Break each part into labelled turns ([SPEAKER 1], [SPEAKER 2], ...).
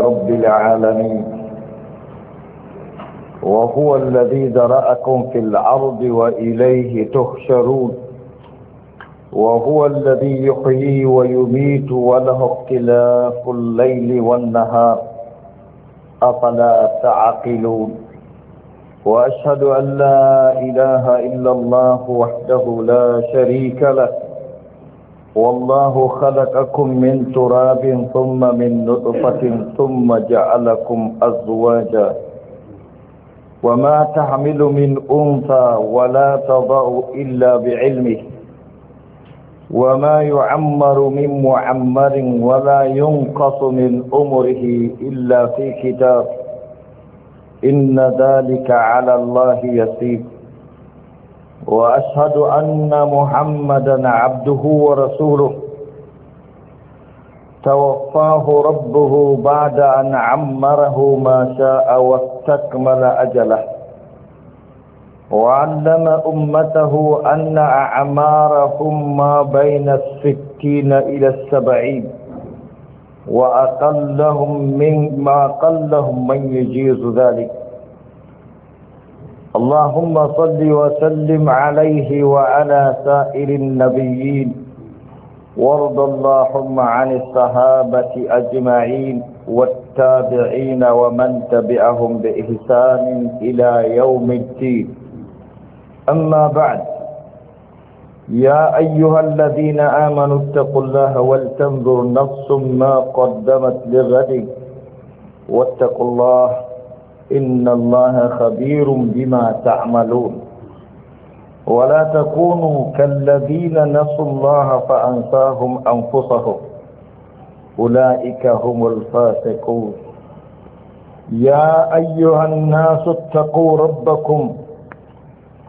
[SPEAKER 1] رب العالمين وهو الذي ذرأكم في الأرض وإليه تخشرون وهو الذي يحيي ويميت وله اختلاف الليل والنهار أفلا تعقلون وأشهد أن لا إله إلا الله وحده لا شريك له والله خلقكم من تراب ثم من نطفة ثم جعلكم أزواجا وما تحمل من أنثى ولا تضع إلا بعلمه وما يعمر من معمر ولا ينقص من أمره إلا في كتاب إن ذلك على الله يسير وأشهد أن محمدا عبده ورسوله توفاه ربه بعد أن عمره ما شاء واستكمل أجله وعلم أمته أن أعمارهم ما بين الستين إلى السبعين وأقلهم من ما قلهم من يجيز ذلك اللهم صل وسلم عليه وعلى سائر النبيين وارض اللهم عن الصحابة أجمعين والتابعين ومن تبعهم بإحسان إلى يوم الدين أما بعد يا أيها الذين آمنوا اتقوا الله ولتنظر نفس ما قدمت لغد واتقوا الله إن الله خبير بما تعملون ولا تكونوا كالذين نسوا الله فأنساهم أنفسهم أولئك هم الفاسقون يا أيها الناس اتقوا ربكم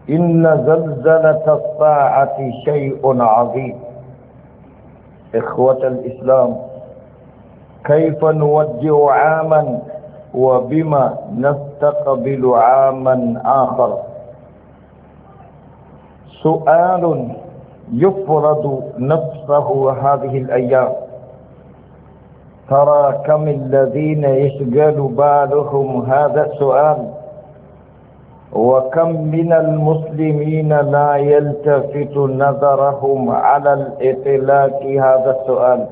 [SPEAKER 1] إن زلزلة الساعة شيء عظيم إخوة الإسلام كيف نوجه عاماً وبما نستقبل عاما آخر سؤال يفرض نفسه هذه الأيام ترى كم الذين يشغل بالهم هذا السؤال وكم من المسلمين لا يلتفت نظرهم على الإطلاق هذا السؤال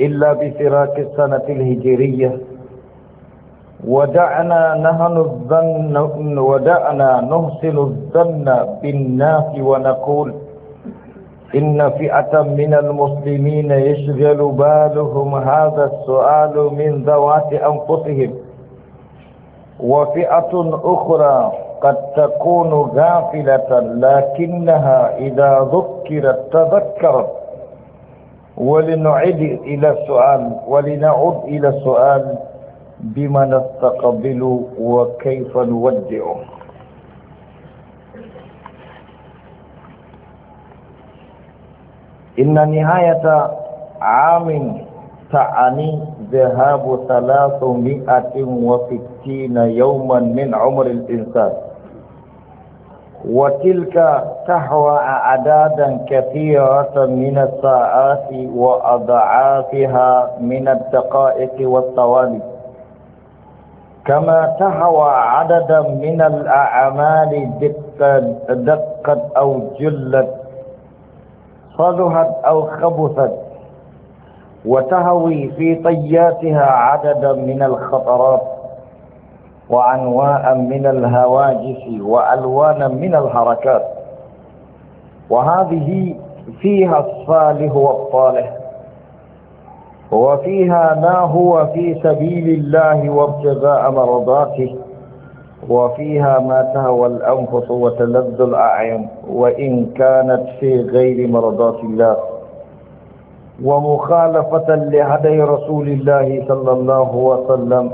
[SPEAKER 1] إلا بفراق السنة الهجرية ودعنا نهن الظن ودعنا نحسن الظن بالناس ونقول إن فئة من المسلمين يشغل بالهم هذا السؤال من ذوات أنفسهم وفئة أخرى قد تكون غافلة لكنها إذا ذكرت تذكرت ولنعد إلى السؤال ولنعد إلى السؤال بما نستقبل وكيف نودعه إن نهاية عام تعني ذهاب ثلاثمائة وستين يوما من عمر الإنسان وتلك تحوى أعدادا كثيرة من الساعات وأضعافها من الدقائق والثواني كما تهوى عددا من الأعمال دقت أو جلت صدهت أو خبثت وتهوي في طياتها عددا من الخطرات وأنواء من الهواجس وألوانا من الحركات وهذه فيها الصالح والطالح وفيها ما هو في سبيل الله وابتغاء مرضاته وفيها ما تهوى الأنفس وتلذ الأعين وإن كانت في غير مرضات الله ومخالفة لهدي رسول الله صلى الله وسلم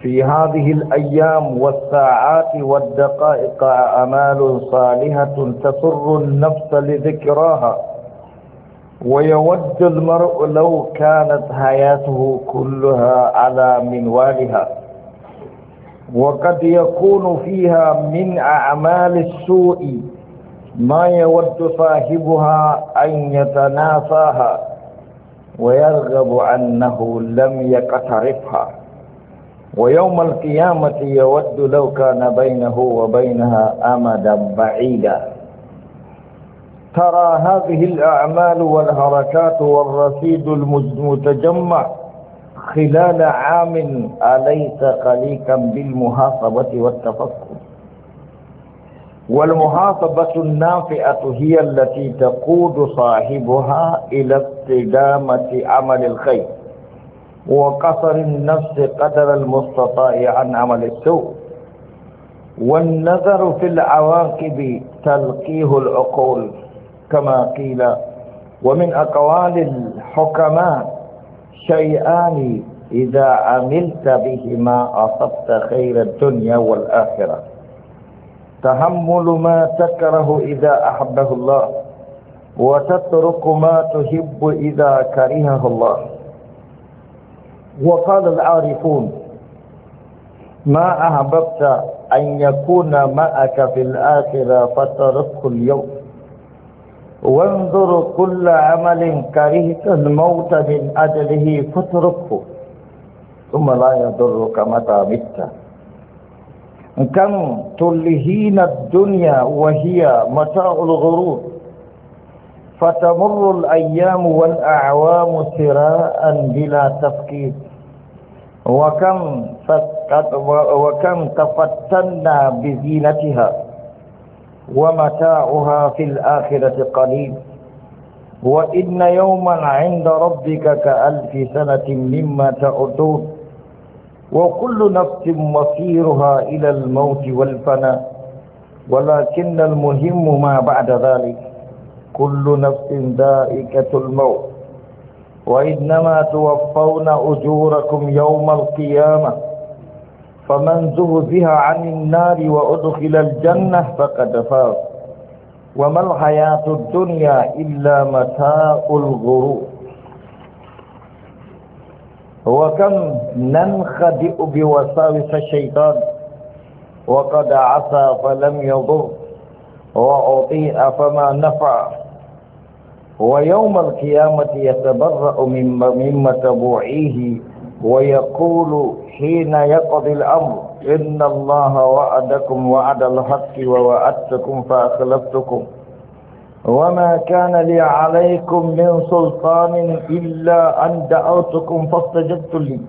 [SPEAKER 1] في هذه الأيام والساعات والدقائق أعمال صالحة تسر النفس لذكراها ويود المرء لو كانت حياته كلها على منوالها وقد يكون فيها من أعمال السوء ما يود صاحبها أن يتناساها ويرغب أنه لم يقترفها ويوم القيامة يود لو كان بينه وبينها أمدا بعيدا ترى هذه الأعمال والحركات والرصيد المتجمع خلال عام أليس قليكا بالمحاسبة والتفكر والمحاسبة النافئة هي التي تقود صاحبها إلى استدامة عمل الخير وقصر النفس قدر المستطاع عن عمل السوء والنظر في العواقب تلقيه العقول كما قيل ومن أقوال الحكماء شيئان إذا عملت بهما أصبت خير الدنيا والآخرة تحمل ما تكره إذا أحبه الله وتترك ما تحب إذا كرهه الله وقال العارفون ما أحببت أن يكون معك في الآخرة فتركه اليوم وانظر كل عمل كرهت الموت من أجله فاتركه ثم لا يضرك متى مت كم تلهين الدنيا وهي متاع الغرور فتمر الأيام والأعوام سراء بلا تفكير وكم, وكم تفتنا بزينتها ومتاعها في الآخرة قليل وإن يوما عند ربك كألف سنة مما تعدون وكل نفس مصيرها إلى الموت والفناء ولكن المهم ما بعد ذلك كل نفس ذائقة الموت وإنما توفون أجوركم يوم القيامة فمن زهزها عن النار وأدخل الجنة فقد فاز وما الحياة الدنيا إلا متاع الغرور وكم ننخدئ بوساوس الشيطان وقد عصى فلم يضر وأطيع فما نفع ويوم القيامة يتبرأ مما تبوعيه ويقول حين يقضي الأمر إن الله وعدكم وعد الحق ووعدتكم فأخلفتكم وما كان لي عليكم من سلطان إلا أن دعوتكم فاستجبت لي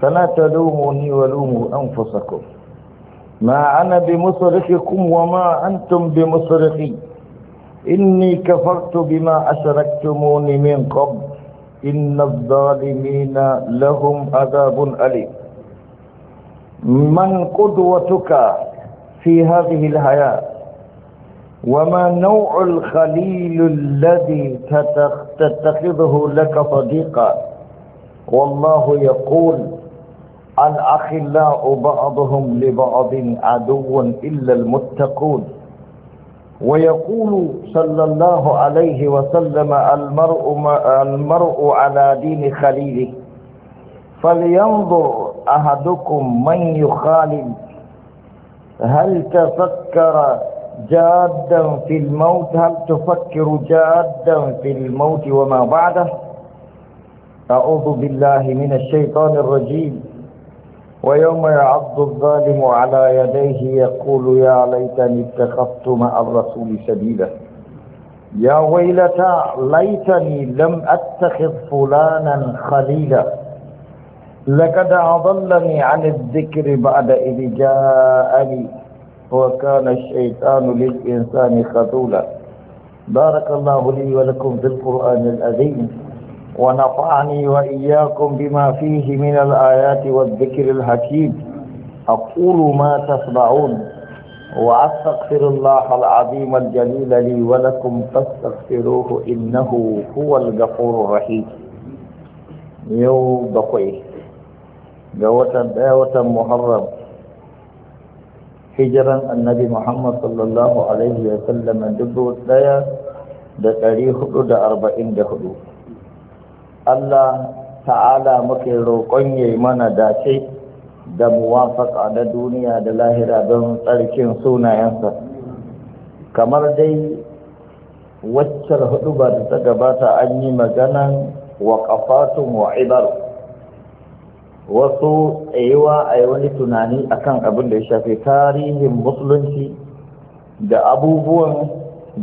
[SPEAKER 1] فلا تلوموني ولوموا أنفسكم ما أنا بمصرخكم وما أنتم بمصرخي إني كفرت بما أشركتموني من قبل إن الظالمين لهم عذاب أليم من قدوتك في هذه الحياة وما نوع الخليل الذي تتخذه لك صديقا والله يقول الأخلاء بعضهم لبعض عدو إلا المتقون ويقول صلى الله عليه وسلم المرء, المرء على دين خليله فلينظر أحدكم من يخالد هل تفكر جادا في الموت هل تفكر جادا في الموت وما بعده أعوذ بالله من الشيطان الرجيم ويوم يعض الظالم على يديه يقول يا ليتني اتخذت مع الرسول سبيلا يا ويلتى ليتني لم اتخذ فلانا خليلا لقد اضلني عن الذكر بعد اذ جاءني وكان الشيطان للانسان خذولا بارك الله لي ولكم في القران العظيم ونفعني وإياكم بما فيه من الآيات والذكر الحكيم أقول ما تسمعون وأستغفر الله العظيم الجليل لي ولكم فاستغفروه إنه هو الغفور الرحيم يو بقوي جوتا دعوة محرم هجرا النبي محمد صلى الله عليه وسلم دبوت دايا دا تاريخ دا أربعين دا حدود Allah ta'ala muke roƙon ya yi mana dace da muwafaka na duniya da lahira don tsarkin sunayensa kamar dai waccar hudu ba ta gabata an yi maganan waƙafatun wa ibar wasu tsayewa a yi wani tunani akan abin da ya shafi tarihin musulunci da abubuwan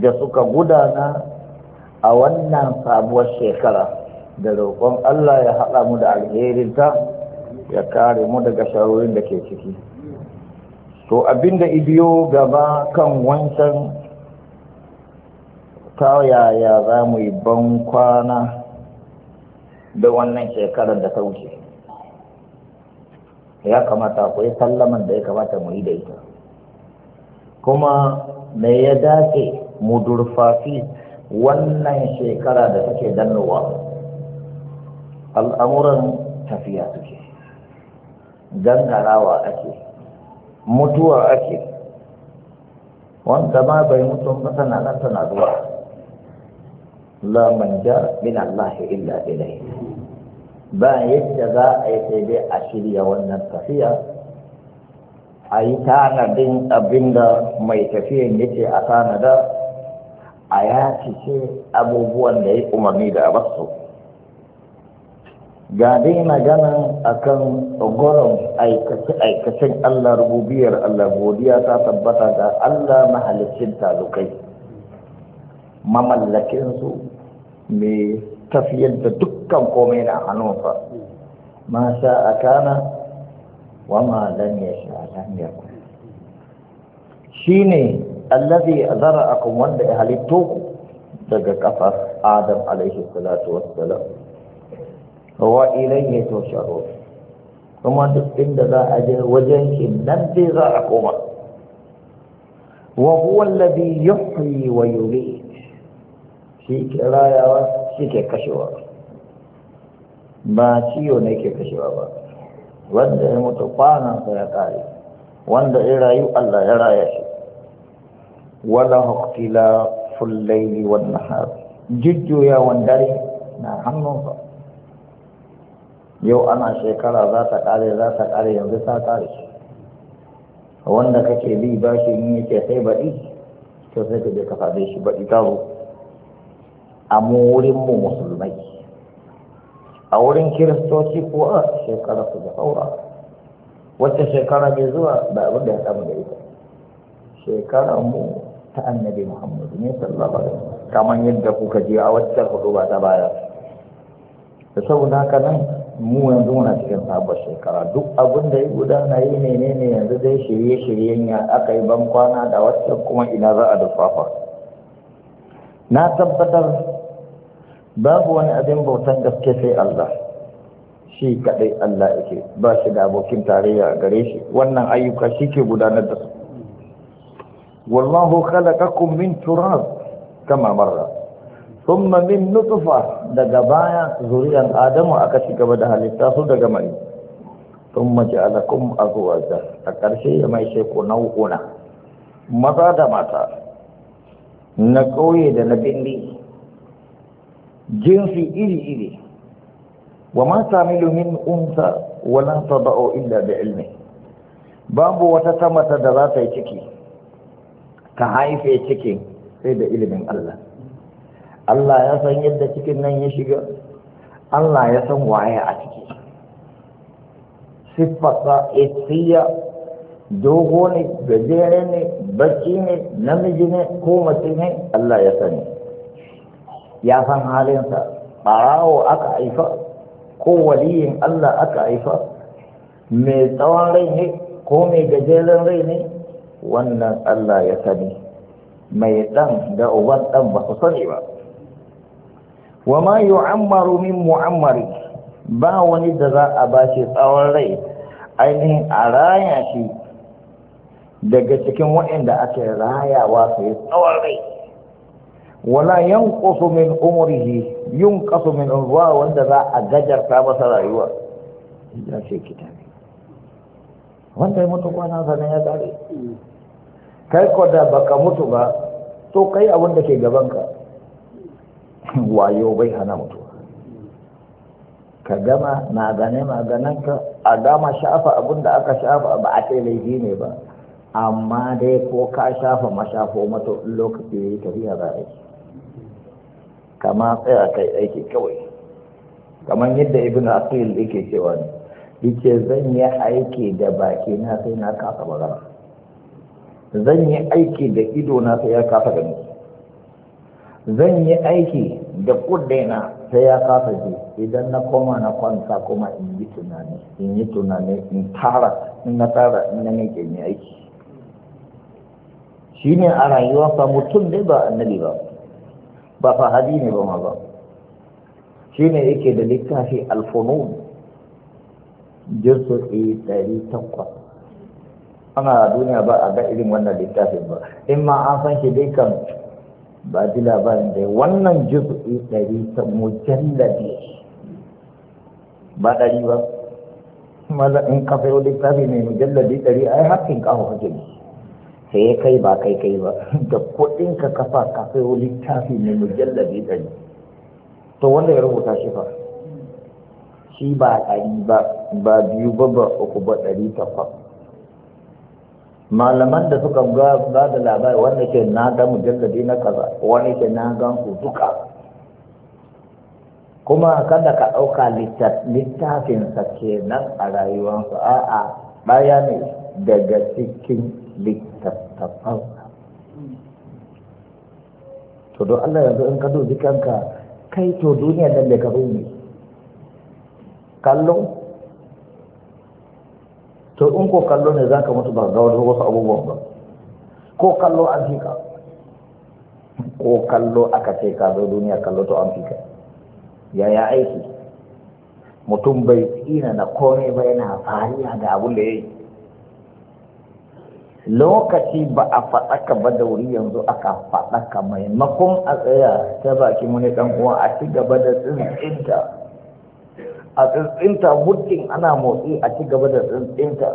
[SPEAKER 1] da suka gudana a wannan sabuwar shekara da roƙon Allah ya haɗa mu da alherinta ya kare mu daga sharorin da ke ciki to abinda ibiyo gaba kan wancan ta yaya za mu yi ban kwana da wannan shekarar da ta wuce ya kamata akwai sallaman da ya kamata mu yi da ita kuma me ya dace mu durfafi wannan shekara da take dannowa al'amuran tafiya suke gangarawa ake mutuwa ake wanda ma bai mutu ba tana nan tana zuwa la manja min Allah illa ilai ba yadda za a yi sai dai a shirya wannan tafiya a yi tanadin abin da mai tafiyan yake a tanada a ya ce abubuwan da ya umarni da a basu ga dai magana akan goron aikace-aikacen Allah rububiyar Allah godiya ta tabbata ga Allah mahalicin talukai mamallakinsu mai tafiyar da dukkan komai na hannunsa ma sha a kana wa ma dan ya sha lam ya ne allazi zara'akum wanda ya halitto daga kafar Adam alaihi wa ilayhi tusharun kuma duk inda za a je wajen shi nan dai za a koma wa huwa alladhi yuhyi wa yumiit shi ke rayawa shi ke kashewa ba ciwo ne ke kashewa ba wanda ya mutu kwanansa ya kare wanda ya rayu Allah ya raya shi wala huktila fullaili wan nahar jujjuya wan dare na hannunsa yau ana shekara za ta kare za ta kare yanzu ta kare wanda kake bi bashi in yake sai baɗi to sai ka je ka faɗe shi baɗi ta zo a mu wurin mu musulmai a wurin kiristoci ko a shekara su da saura wacce shekara mai zuwa da abin da ya samu da ita shekara mu ta annabi muhammadu ne sallallahu alaihi kamar yadda kuka je a waccan hudu ba ta baya da saboda haka nan mu yanzu muna cikin sabon shekara duk abin da ya gudana yi ne ne yanzu zai shirye-shiryen ya aka yi ban kwana da wacan kuma ina za a dufafa na tabbatar babu wani abin bautan gaske sai Allah shi kaɗai Allah yake ba shi da abokin tarayya gare shi wannan ayyuka shi ke gudanar da su wallahu khalaqakum min turab kama marra thumma min nutfa daga baya zuriyan adamu aka ci gaba da halitta su daga mai thumma ja'alakum azwaja a ƙarshe ya mai shi ku nau'una maza da mata na ƙauye da na bindi jinsi iri-iri wa ma tamilu min unsa wala tada'u illa da ilmi babu wata tamata da za ta yi ciki ta haife cikin sai da ilimin Allah Allah ya san yadda cikin nan ya shiga Allah ya san waye a ciki siffarsa isiya dogo ne gajere ne baki ne namiji ne ko mace ne Allah ya sani ya san halinsa ɓarawo aka haifa ko waliyin Allah aka haifa mai tsawon rai ne ko mai gajeren rai ne wannan Allah ya sani mai ɗan da uban ɗan ba su sani ba wa ma yu'ammaru min mu'ammari ba wani da za a bashi tsawon rai ainihin a raya shi daga cikin waɗanda ake rayawa su yi tsawon rai wala yanqusu min umrihi yunqasu min ruwa wanda za a gajarta masa rayuwa ya ce kitabi wanda ya mutu kwana sanan ya tsare mm. kai ko da baka mutu ba to kai abin da ke gabanka wayo bai hana mutuwa ka gama magane magananka a gama shafa abin da aka shafa ba a ce laifi ne ba amma dai ko ka shafa mashafo mato lokaci ya yi tafiya ba a kama tsaya kai aiki kawai kamar yadda ibn asil yake cewa ne yace zan yi aiki da baki na sai na kasa magana zan yi aiki da ido na sai ya kafa gani zan yi aiki da kudaina sai ya kasa ji idan na koma na kwanta kuma in yi tunani in yi tunani in tara in na tara in na nake ni aiki shi ne a rayuwarsa mutum ne ba annabi ba ba fahadi ne ba ma ba shi ne yake da littafi alfunun jirsu ɗari takwas ana duniya ba a ga irin wannan littafin ba in ma an san shi dai kan ba ji labarin dai wannan juz'i ɗari ta mujallabi. ba ɗari ba maza in kafa yau littafi mai mujallabi ɗari ai hakkin kawo hajji. ne sai ya kai ba kai kai ba da kuɗin ka kafa kafa yau littafi mai mujallabi ɗari to wanda ya rubuta shi fa shi ba ɗari ba ba biyu ba ba uku ba ɗari takwas malaman da suka ba da labari wanda ke na ga mujalladi na kaza wani ke na gan su duka kuma kada ka ɗauka littafinsa ke nan a rayuwarsa a'a ɗaya ne daga cikin littattafan to don Allah yanzu in ka dubi kanka kai to duniya nan da ka ne kallon to in ko kallo ne za ka mutu ba ga wani wasu abubuwan ba ko kallo an fi ka ko kallo aka ce ka zo duniya kallo to an fi ka yaya aiki mutum bai tsina na kome ba yana fariya da abun da ya yi lokaci ba a faɗaka ba da wuri yanzu aka faɗaka maimakon a tsaya ta baki muni ɗan uwa a ci gaba da tsintsinta a tsintsinta mutum ana motsi a ci gaba da tsintsinta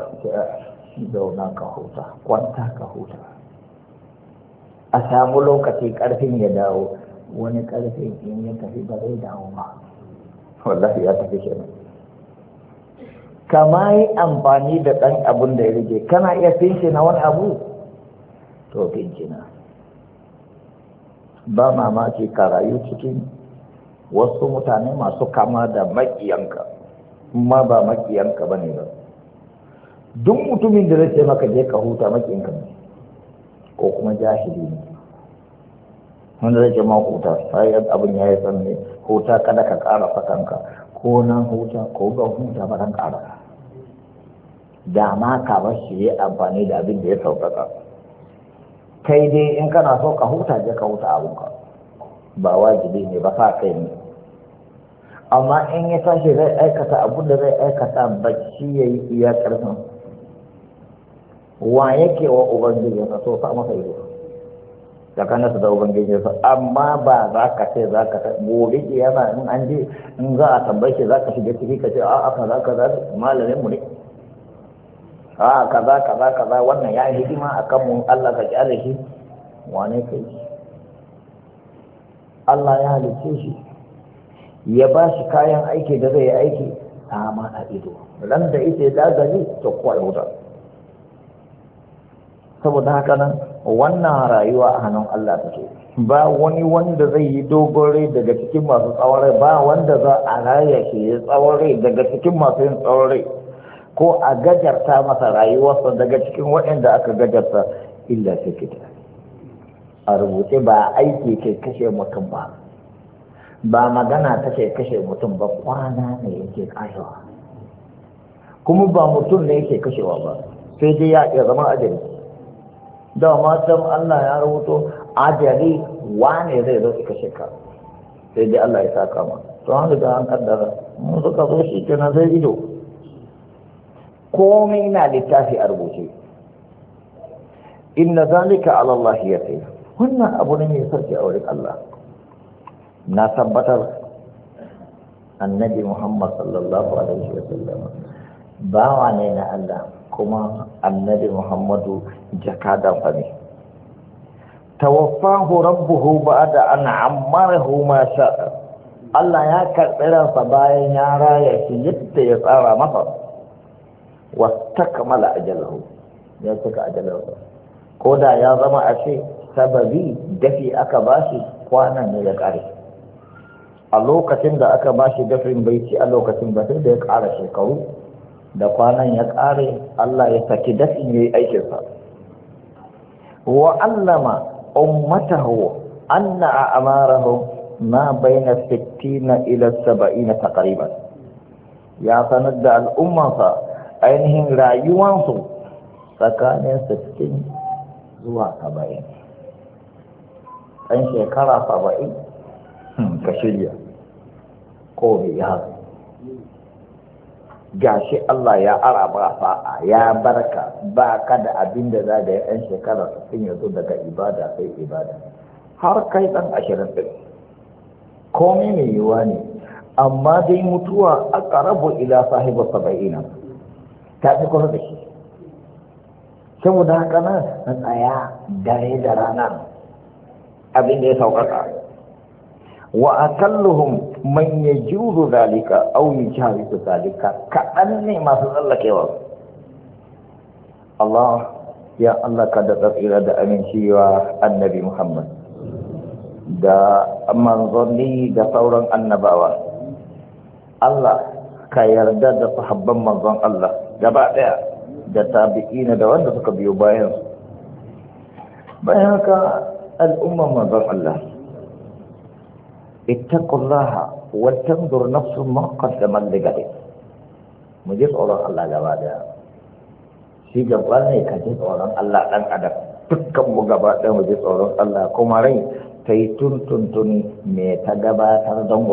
[SPEAKER 1] zauna ka huta kwanta ka huta a samu lokaci karfin ya dawo wani karfin in ya tafi ba zai dawo ba wallahi ya tafi kenan kama yi amfani da ɗan abun da ya rage kana iya fince na wani abu to fince na ba mamaki ka rayu cikin wasu mutane masu kama da makiyanka ma ba makiyanka ba ne ba duk mutumin da zai maka je ka huta makiyanka ne ko kuma jahili ne wanda zai ce ma huta sai abin ya yi sanne huta kada ka ƙara fakanka ko nan huta ko ga huta ba kan ƙara da ma ka bar shi yi amfani da abin da ya sauƙaƙa kai dai in kana so ka huta je ka huta abinka ba wajibi ne ba sa kai ne amma in ya tashi zai aikata abin da zai aikata bacci ya yi iya ƙarfin wa yake wa ubangiji ya so sa masa ido tsakanin su da ubangiji sa amma ba za ka ce za ka gobe yana in an je in za a tambaye shi za ka shiga ciki ka ce a'a kaza kaza malamin mu ne a kaza kaza kaza wannan ya yi hidima a kanmu Allah ka kyale shi wane kai Allah ya halice shi ya ba shi kayan aiki da zai yi aiki ma a ido ran da ita ya dagari to kuwa wuta saboda haka nan wannan rayuwa a hannun Allah take ba wani wanda zai yi dogore daga cikin masu tsawon ba wanda za a raya shi ya tsawon daga cikin masu yin tsawon ko a gajarta masa rayuwarsa daga cikin waɗanda aka gajarta illa sai kita a rubuce ba aiki ke kashe mutum ba ba magana ta take kashe mutum ba kwana ne yake kashewa kuma ba mutum ne yake kashewa ba sai dai ya iya zama ajali da matan Allah ya rubuto ajali wane zai zo su kashe ka sai dai Allah ya saka ma to an riga an kaddara mun suka zo shi kenan zai ido komai na littafi a rubuce inna zalika ala Allah yasir wannan abu ne ya sarki a wurin Allah na tabbatar annabi Muhammad sallallahu alaihi wasallam bawa ne na Allah kuma annabi Muhammadu jakadan fa ne tawaffahu rabbuhu ba'da an ammarahu ma sha Allah ya karɓi ransa bayan ya raya shi yadda ya tsara masa wa takmala ajalahu ya cika ajalahu ko da ya zama a ce sababi dafi aka bashi kwanan ne ya ƙare a lokacin da aka ba shi dafin bai a lokacin ba sai da ya ƙara shekaru da kwanan ya ƙare Allah ya saki dafin ya yi aikinsa wa allama ummatahu anna a amarahu ma baina na ila na taqriban ya sanar da al'ummansa ainihin rayuwansu tsakanin sittin zuwa saba'in ɗan shekara saba'in. Hmm, ka shirya ko bai ya gashi Allah ya araba fa'a ya barka ba ka da abin da za da yan shekara sun yanzu daga ibada sai ibada har kai dan ashirin ɗin me mai yiwuwa ne amma dai mutuwa a ƙarabu ila sahibu saba'ina ta fi kusa da shi saboda haka nan na tsaya dare da rana abin da ya sauƙaƙa wa akalluhum man yajuru zalika aw yujawizu zalika kadan ne masu tsallakewa Allah ya Allah ka da tsira da amincewa annabi Muhammad da manzanni da sauran annabawa Allah ka yarda da sahabban manzon Allah gaba daya da tabi'ina da wanda suka biyo bayan bayan haka al'ummar manzon Allah ittaqullaha wa tanzur nafsun ma qaddamat li ghadin mu ji tsoron Allah gaba da shi gaba ne ka ji tsoron Allah dan adam dukkan mu gaba mu ji tsoron Allah kuma rai ta yi me ta gabatar don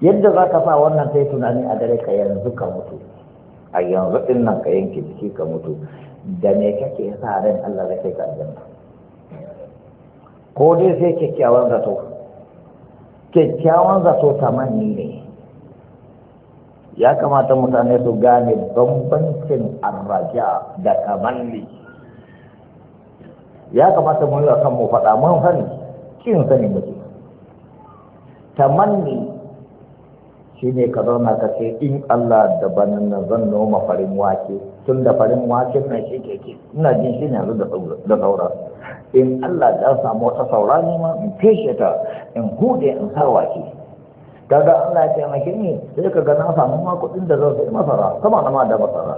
[SPEAKER 1] yadda za ka sa wannan sai tunani a dare ka yanzu ka mutu a yanzu dinnan nan ka yanke jiki ka mutu da me kake sa ran Allah zai kai ka aljanna ko dai sai kyakkyawan zato kyakkyawan zato tamani ne ya kamata mutane su gane bambancin arraja da kamalli ya kamata mu yi mu faɗa mun sani kin sani muke tamanni shi ne ka zauna ka ce in Allah da banin nan zan noma farin wake tun da farin wake na shi ke ina jin shi ne yanzu da sauransu in Allah ta samu wata saura ma in feshe ta in hude in sa wake kaga Allah ya taimake ni sai ka ga na samu ma kuɗin da zan masara kama na ma da masara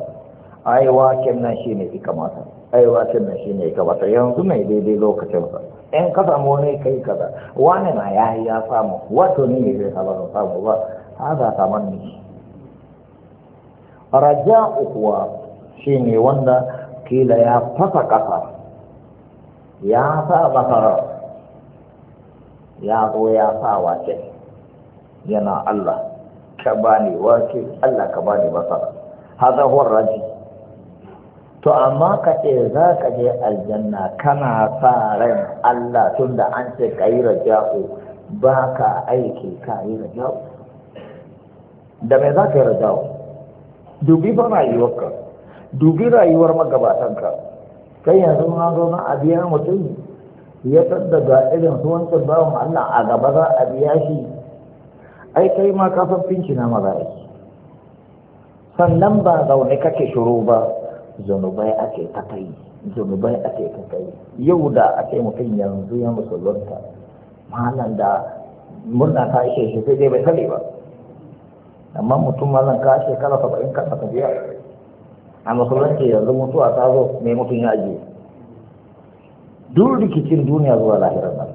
[SPEAKER 1] ai waken nan shine ika mata ai waken nan shine ika mata yanzu mai daidai lokacin sa in ka samu wani kai kaza wani na ya ya samu wato ni ne zai samu samu ba Haza saman ni raja'u kuwa shine wanda kila ya fasa kasa ya sa basara ya zo ya sa wake yana Allah ka bani wake Allah ka bani basara haza huwa raji to amma ka ce za ka je aljanna kana sa ran Allah tun da an ce ka yi raja'u ba ka aiki ka yi raja'u da me za ka yi raja'u dubi ba rayuwarka dubi rayuwar magabatanka kai yanzu na zo na a mutum ya ga irin su wancan bawan Allah a gaba za a biya shi ai kai ma san finci na maza sannan ba zaune kake shiru ba zunubai ake ta kai zunubai ake ta kai yau da ake mutum yanzu ya musulunta malam da murna ta ishe shi sai dai bai sani ba amma mutum malam ka shekara saba'in ka biya a musulunci yanzu mutuwa ta zo ne mutum ya ajiye duk rikicin duniya zuwa lahirar nan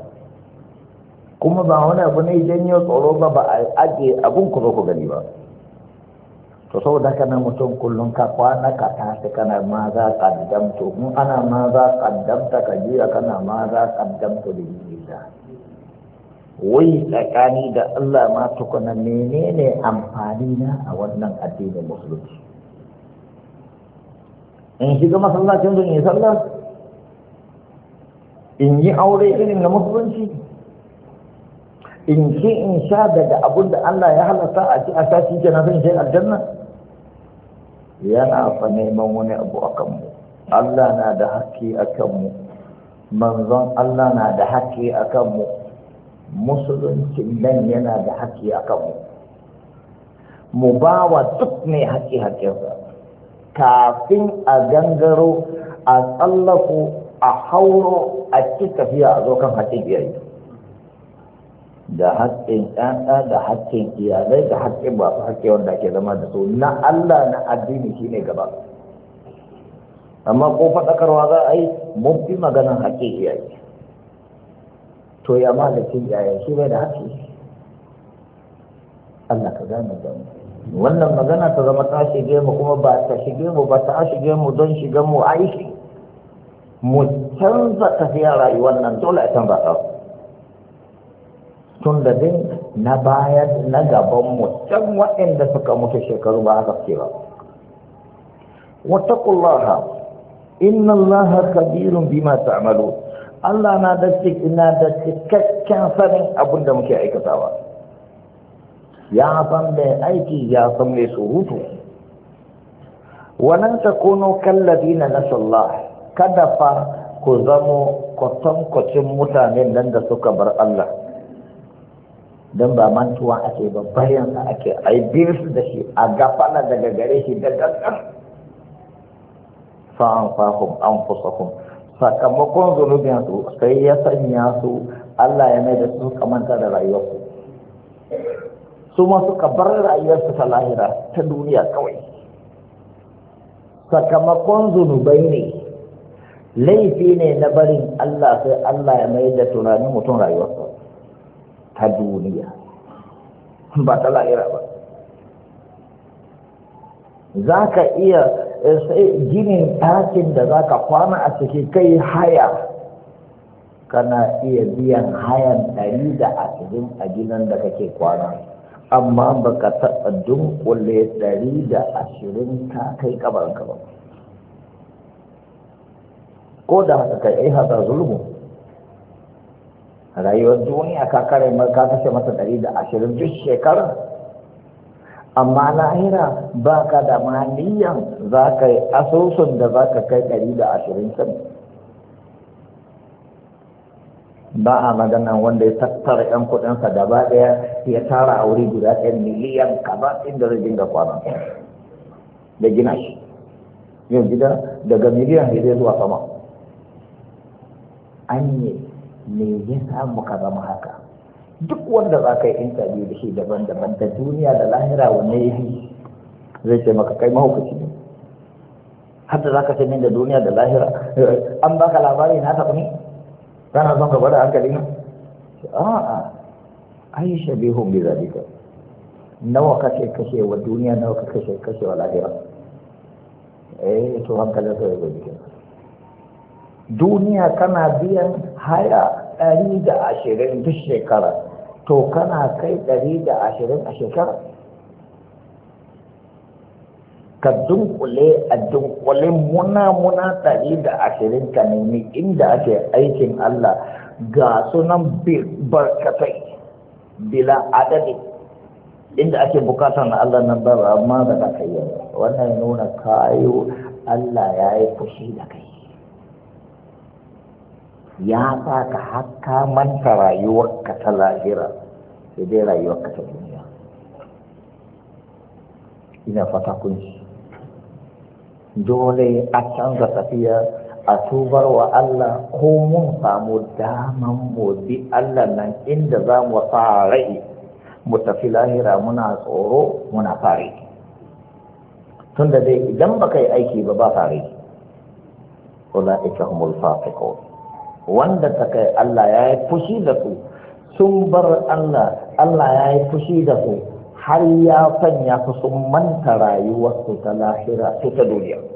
[SPEAKER 1] kuma ba wani abu ne janyo tsoro ba ba a ajiye abun ku zo ku gani ba to saboda haka nan mutum kullum ka kwana ka tashi kana ma za kaddamto mu ana ma za kaddamta ka jiya kana ma za kaddamto da jiya wai tsakani da Allah ma tukuna menene amfani na a wannan addinin musulunci in shiga masallacin don yi sallah in yi aure irin na musulunci in ce in sha daga abun da Allah ya halatta a ci a sha shi ke na zan shi aljanna yana fa neman wani abu a kanmu Allah na da haƙƙi a kanmu manzon Allah na da haƙƙi a kanmu musuluncin nan yana da haƙƙi a kanmu mu ba wa duk mai haƙƙi haƙƙinsa kafin a gangaro a tsallafo a hauro a ci tafiya a zo kan haƙƙin iyaye da haƙƙin ɗanɗa da haƙƙin iyalai da haƙƙin ba su haƙƙi wanda ke zama da su na Allah na addini shi ne gaba amma ko faɗakarwa za a yi mun fi maganin haƙƙin iyaye to ya malakin iyaye shi bai da haƙƙi Allah ka gane da mu wannan magana ta zama ta shige mu kuma ba ta shige mu ba ta shige mu don shiga mu aiki mu canza tafiya rayuwar nan dole a canza ta tun da dai na baya na gaban mu can waɗanda suka mutu shekaru ba haka ce ba wattaqullaha inna allaha kabirun bima ta'malu Allah na da na da cikakken sanin abin da muke aikatawa ya san mai aiki ya san mai surutu wannan ta kono kallabi na nasallah kada fa ku zamo kwatankwacin mutane nan da suka bar Allah don ba mantuwa ake ba bayan ake aibir su da shi a gafala daga gare shi da gangan fa'an fahim an fusahun sakamakon zunubinsu sai ya sanya su Allah ya mai da su kamanta da rayuwarsu su ma suka bar rayuwarsu ta lahira ta duniya kawai sakamakon zunubai ne laifi ne na barin Allah sai Allah ya mai da tunanin mutum rayuwarsa ta duniya ba ta lahira ba za ka iya eh, sai ginin ɗakin da za ka kwana a ciki kai haya kana iya biyan hayan ɗari da asibin a gidan da kake kwana amma ka taɓa dunkule ɗari da ashirin ta kai kabarin ba ko da haka kai ai hada zulmu rayuwar duniya ka kare ka kashe masa ɗari da ashirin duk shekara amma lahira ba ka da maniyan za ka yi asusun da za ka kai ɗari da ashirin sani ba a magana wanda ya tattara yan kudinsa gaba ɗaya ya tara a wuri guda ɗaya miliyan kaza inda zai dinga kwana da gina shi yau gida daga miliyan da zai zuwa sama an yi me ya samu ka zama haka duk wanda za ka yi intabi da shi daban-daban da duniya da lahira wanne ya fi zai ce maka kai mahaukaci ne har da za ka ce min da duniya da lahira eh, an baka labari na taɓa ne kana son ka bada hankali na a'a ai shabihu bi zalika nawa kake kashe wa duniya nawa ka kashe kashe wa lahira eh to hankalin ka yau ne duniya kana biyan haya ɗari da ashirin duk shekara to kana kai ɗari da ashirin a shekara ka dunkule a dunkule muna muna tare da ashirin ka nemi inda ake aikin Allah ga sunan barkatai bila adadi inda ake bukatar na Allah nan ba amma da ka kai wannan nuna kayo Allah ya yi fushi da kai ya sa ka haka manta rayuwarka ta lahira sai dai rayuwarka ta duniya ina fata kunshi. dole a canza tafiya a tubar wa Allah ko mun samu daman mu bi Allah nan inda za mu fara mu tafi lahira muna tsoro muna fare tunda dai idan ba kai aiki ba ba fare ita humul wanda ta kai Allah ya yi fushi da su sun bar Allah Allah ya yi fushi da su har ya sanya su sun manta rayuwarsu ta lahira su ta duniya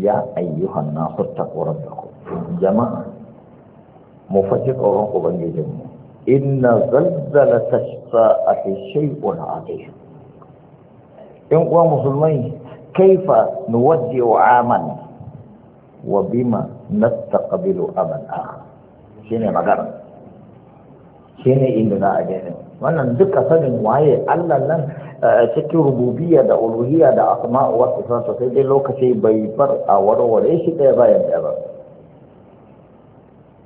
[SPEAKER 1] ya ayyuhan nasu taqu rabbakum jama'a mu fashi tsoron ubangijin mu a zalzalata sa'ati shay'un adih in uwa musulmai kaifa waje wa aman wa bima na ta nastaqbilu aman a. akhar shine magana ne inda za a daina wannan duka sanin waye Allah nan eh, cikin rububiya da uluhiyya da asma'u wa sifatu sai dai lokaci bai bar a warware shi ɗaya bayan ɗaya ba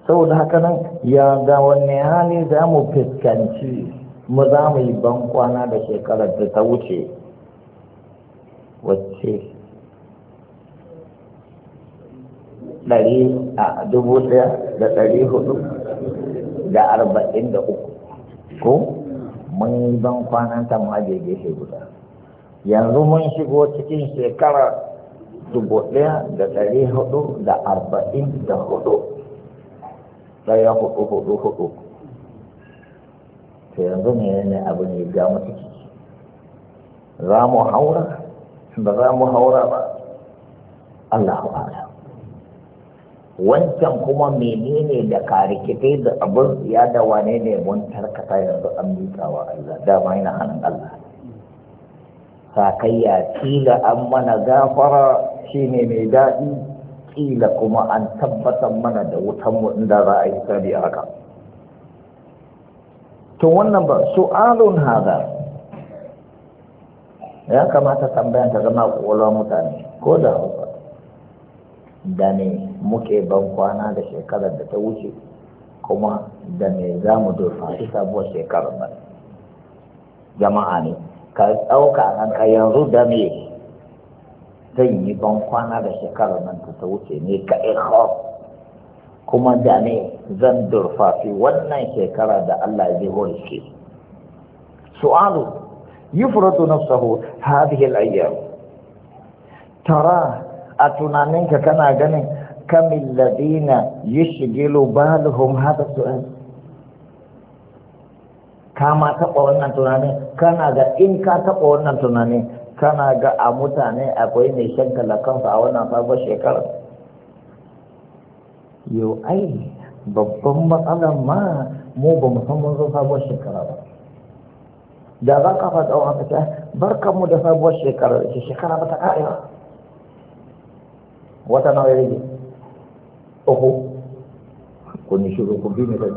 [SPEAKER 1] saboda haka nan ya ga wanne hali za mu fuskanci mu za mu yi ban kwana da shekarar da ta wuce wacce ɗari dubu ɗaya da ɗari hudu da arba'in da uku ko mun yi ban kwanan ta mu aje gefe guda yanzu mun shigo cikin shekara dubu ɗaya da ɗari hudu da arba'in da hudu ɗaya hudu hudu hudu to yanzu ne ne abin ya ga mutu ciki za mu haura ba za mu haura ba Allahu a'lam wancan kuma menene da ka karikitai da abin ya da wane ne mun tarkata yanzu an miƙawa Allah dama yana hannun Allah sakayya kila an mana gafara shine mai daɗi kila kuma an tabbatar mana da wutan mu inda za a yi sabi haka to wannan ba su'alun haza. ya kamata tambayan ta zama ƙwaƙwalwar mutane ko da hausa da ne muke ban kwana da shekarar da ta wuce kuma da me za mu dofa shi sabuwar shekarar nan jama'a ne ka ɗauka a ka yanzu da me zan yi ban kwana da shekarar nan ta ta wuce ne ka ikho kuma da ne zan durfafi wannan shekara da Allah zai hori ke su'alu yufratu nafsahu hadhihi al-ayyam tara a tunaninka kana ganin كم الذين يشغل بالهم هذا السؤال كما تقوى أن تناني كان هذا إن كان تقوى أن تناني كان هذا أموتاني أقوي نشنك لكم فأولا فأبو شكرا يو أي babban matsalar ma mu ba mu san mun zo sabuwar shekara ba da za ka faɗa wa ta barka mu da sabuwar shekara shekara ba ta ƙarewa wata nawa ya rage uku ko yi shiru ku bi ne da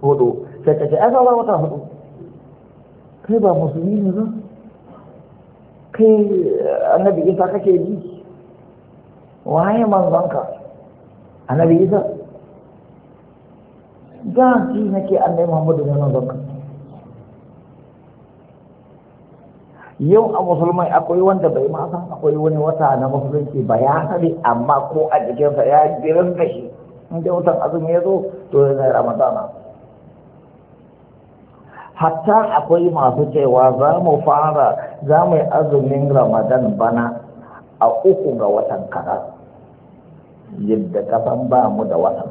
[SPEAKER 1] hudu sai ka ce ai ba wata hudu kai ba musulmi ne ba kai annabi isa kake bi waye manzonka annabi isa ga shi nake annabi muhammadu ne manzonka yau a musulmai akwai wanda bai ma san akwai wani wata na musulunci ba ya sani amma ko a jikinsa ya girin da shi in dai azumi ya zo to ya zai ramadana hatta akwai masu cewa za mu fara za mu yi azumin ramadan bana a uku ga watan kara yadda kasan ba mu da watan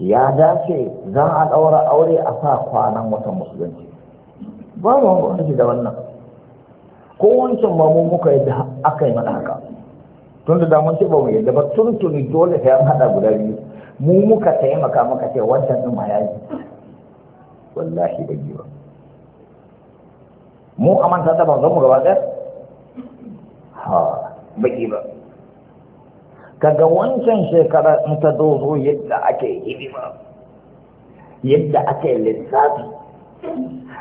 [SPEAKER 1] ya dace za a ɗaura aure a sa kwanan watan musulunci ba mu wani da wannan ko wancan ma mu muka yadda aka yi mana haka tun da damar ce ba mu yadda ba tun tuni dole sai an hada guda biyu mu muka taimaka maka ce wancan ɗin ma ya yi wallahi da giwa mu amanta ta ban mu gaba ɗaya ha baki ba kaga wancan shekara in ta dozo yadda ake hidima yadda ake lissafi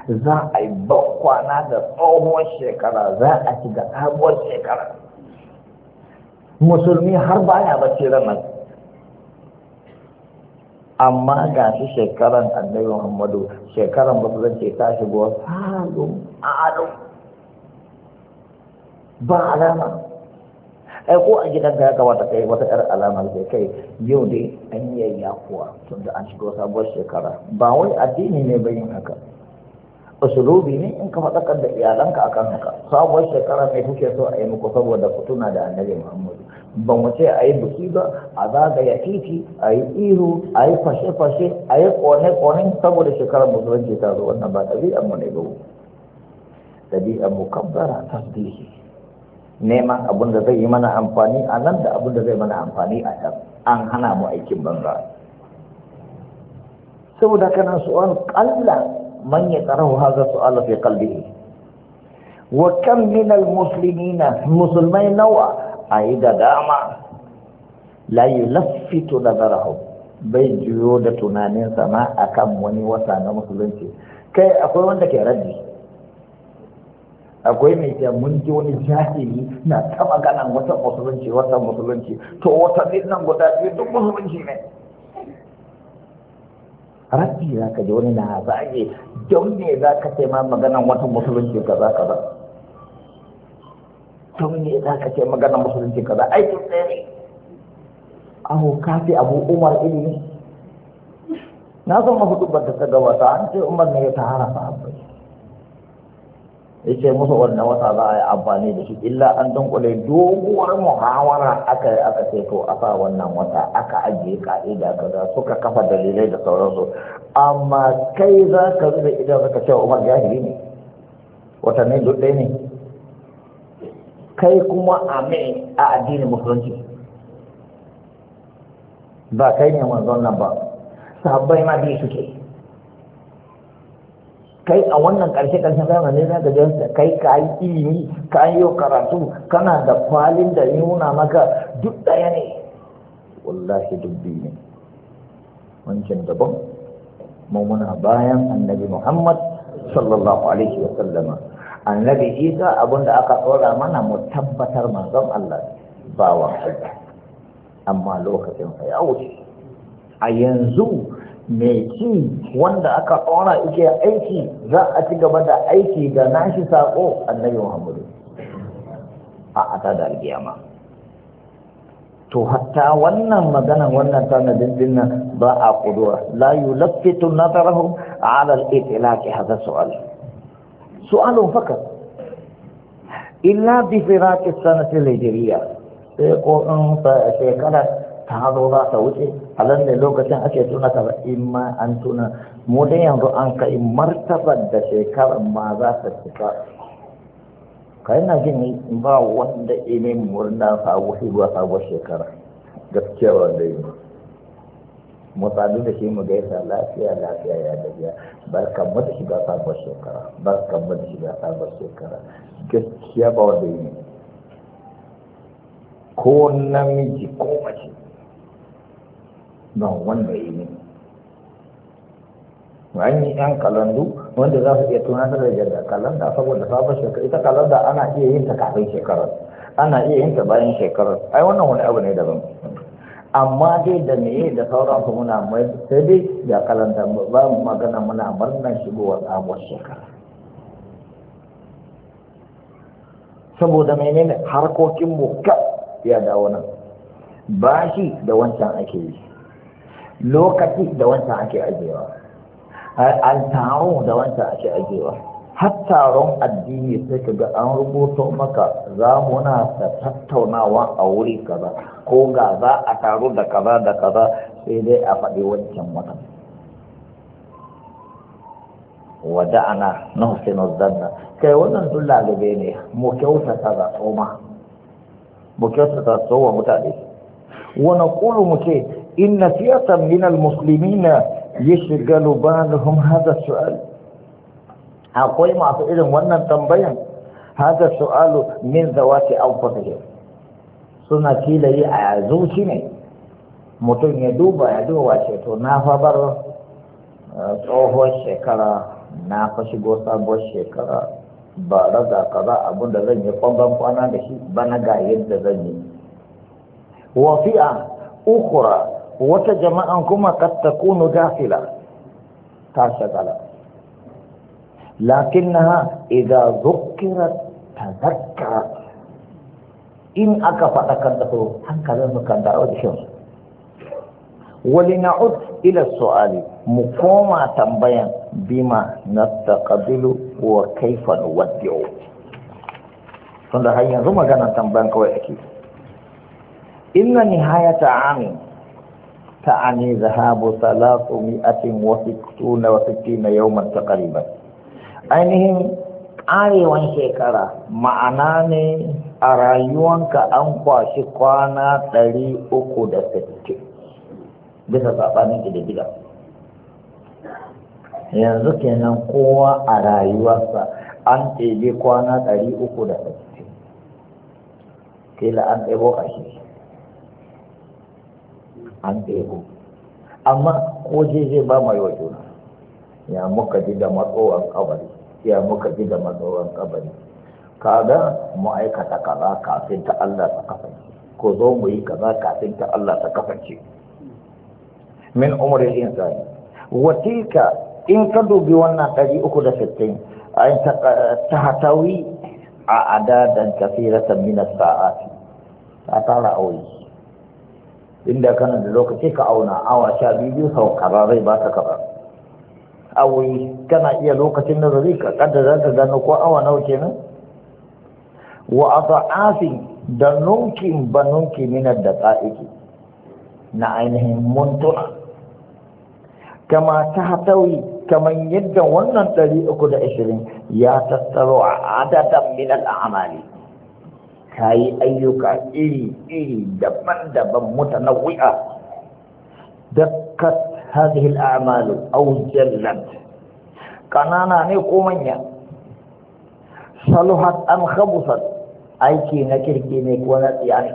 [SPEAKER 1] za a yi bakwana da tsohon shekara za a ci da sabuwar shekara musulmi har baya bacci ranar amma ga shi shekaran annabi muhammadu shekaran ba zan ce ta shigo salum alum ba alama ai ko a gidan ka kamata kai wata yar alama da kai yau dai an yi yakuwa tun da an shigo sabuwar shekara ba wai addini ne ba yin haka usulubi ne in ka faɗakar da iyalanka akan haka sabuwar shekara mai kuke so a yi muku saboda ku da annabi muhammadu ba mu ce a yi buki ba a zagaya titi a yi ihu a yi fashe-fashe a yi kone-kone saboda shekarar musulunci ta zo wannan ba ɗabi'a mu ne ba Ɗabi'a mu kabbara tasbihi neman abin da zai yi mana amfani a nan da abin da zai mana amfani a can an hana mu aikin banza saboda kana su'al kalla, man yaqrahu hadha su'ala fi kalbi wa kam min al-muslimina musulmai nawa yi da dama la da nazarahu bai juyo da tunanin sama akan wani wata na musulunci kai akwai wanda ke raddi akwai mai ce mun ji wani jahili na ta magana wata musulunci wata musulunci to wata nan guda biyu duk musulunci ne rabbi za ka ji wani na zage don me za ka ce ma maganan wata musulunci kaza kaza don me za ka ce maganan musulunci kaza aikin ɗaya ne aho kafi abu umar ilimi na san mahudu ba ta ta gabata an ce umar ne ya ta harafa abu yake musu wannan wata za a yi amfani da shi illa an dunkule doguwar muhawara aka yi aka ce a sa wannan wata aka ajiye ka'ida kaza suka kafa dalilai da sauransu amma kai za ka zube idan zaka cewa umar jahili ne watanni duk ne kai kuma a me a addinin musulunci ba kai ne manzon nan ba sahabbai ma biyu suke kai a wannan karshe ƙarshen zamani za ka gansa kai ka yi ilimi ka yi karatu kana da kwalin da nuna maka duk ɗaya ne wallahi duk biyu ne wancan daban mamuna bayan annabi muhammad sallallahu alaihi wa sallama annabi isa abinda da aka tsora mana mu tabbatar manzon allah ba wa amma lokacin ya wuce a yanzu mai ci wanda aka tsora ike aiki za a ci gaba da aiki ga nashi sako annabi muhammadu a ata da alkiyama to hatta wannan magana wannan tanadin nan ba a kudura la yulaffitu nazarahum ala al-itlaqi hadha su'al su'alun fakat illa bi firaqi sanati al-hijriya sai ko in shekara ta zo za ta wuce a nan ne lokacin ake tuna ta imma an tuna mu dai yanzu an kai martabar da shekarar ma za ta cika Ka na jin ba wanda ine murna shi zuwa sabuwar shekara gaskiya wanda yi mu sadu da shi mu gaisa lafiya lafiya ya gajiya barkan mu da ba sabuwar shekara barkan mu da ba sabuwar shekara gaskiya ba wanda yi ko namiji ko mace don wanda ya yi wani yi yan kalandu wanda za su iya tunatar da jirga kalanda saboda sabon shekara ita kalanda ana iya yin ta kafin shekarar ana iya yin ta bayan shekarar ai wannan wani abu ne daban amma dai da me da sauransu muna mai sai dai da kalanda ba mu magana muna murnar shigowar sabon shekara saboda menene harkokin mu ya dawo nan bashi da wancan ake yi lokaci da wancan ake ajewa an taro da wancan ake ajewa har taron addini sai ka ga an rubuto maka za mu na ta tattaunawa a wuri kaza ko ga za a taro da kaza da kaza sai dai a faɗi wancan wada ana na hussein zanna kai wannan duk lalube ne mu kyautata za tsoma mu kyautata tsowa mutane wani kulu mu ce إن فئة من المسلمين يشغل بالهم هذا السؤال أقول ما أفعل وأنا تنبيا هذا السؤال من ذوات أنفسهم suna filaye a zuci ne mutum ya duba ya duba ceto na fabar tsohon shekara na fa shigo sabuwar shekara ba raga kaza abin da zan yi kwanban kwana da shi bana ga yadda zan yi a ukura wata jama'an kuma katta takunu gafila ta shagala na idan idza ta zakka in aka faɗakar da su hankalin su kan dawo mu koma tambayan, إلى na ta ƙabilu wa kaifan وكيف نودع tunda har yanzu magana tambayan kawai ake inna nihayata amin تعني ذهاب ثلاثمائة وستون وستين يوما تقريبا ainihin ƙarewan shekara ma'ana ne a شقوانا an kwashi kwana ɗari uku da yanzu kenan kowa a rayuwarsa an ɗebe kwana ɗari uku da sittin kila an ɗebo shi an ɗebo amma ko je zai ba mai wa juna ya muka ji da matsowar kabari ya muka ji da matsowar kabari kaga mu aikata kaza kafin ta Allah ta kafance. ko zo mu yi kaza kafin ta Allah ta kafance. min umri insani watika in ka dubi wannan 360 ayin ta hatawi a adadan kafiratan min as-sa'ati ta tara aure inda kana da lokaci ka auna awa sha biyu sau kaza zai ba ta kaza awai kana iya lokacin nazari ka kada za ka gano ko awa nawa kenan wa asa'afin da nunkin ba nunki minar da tsa'iki na ainihin muntuna kama ta hatawi kamar yadda wannan 320 ya tattaro a adadan minar amali ta yi ayyuka iri-iri daban-daban mutanawi'a dakkat hadhihi al'amalu aw jallat kanana ne ko manya saluhat an khabusat aiki na kirki ne ko na tsiyani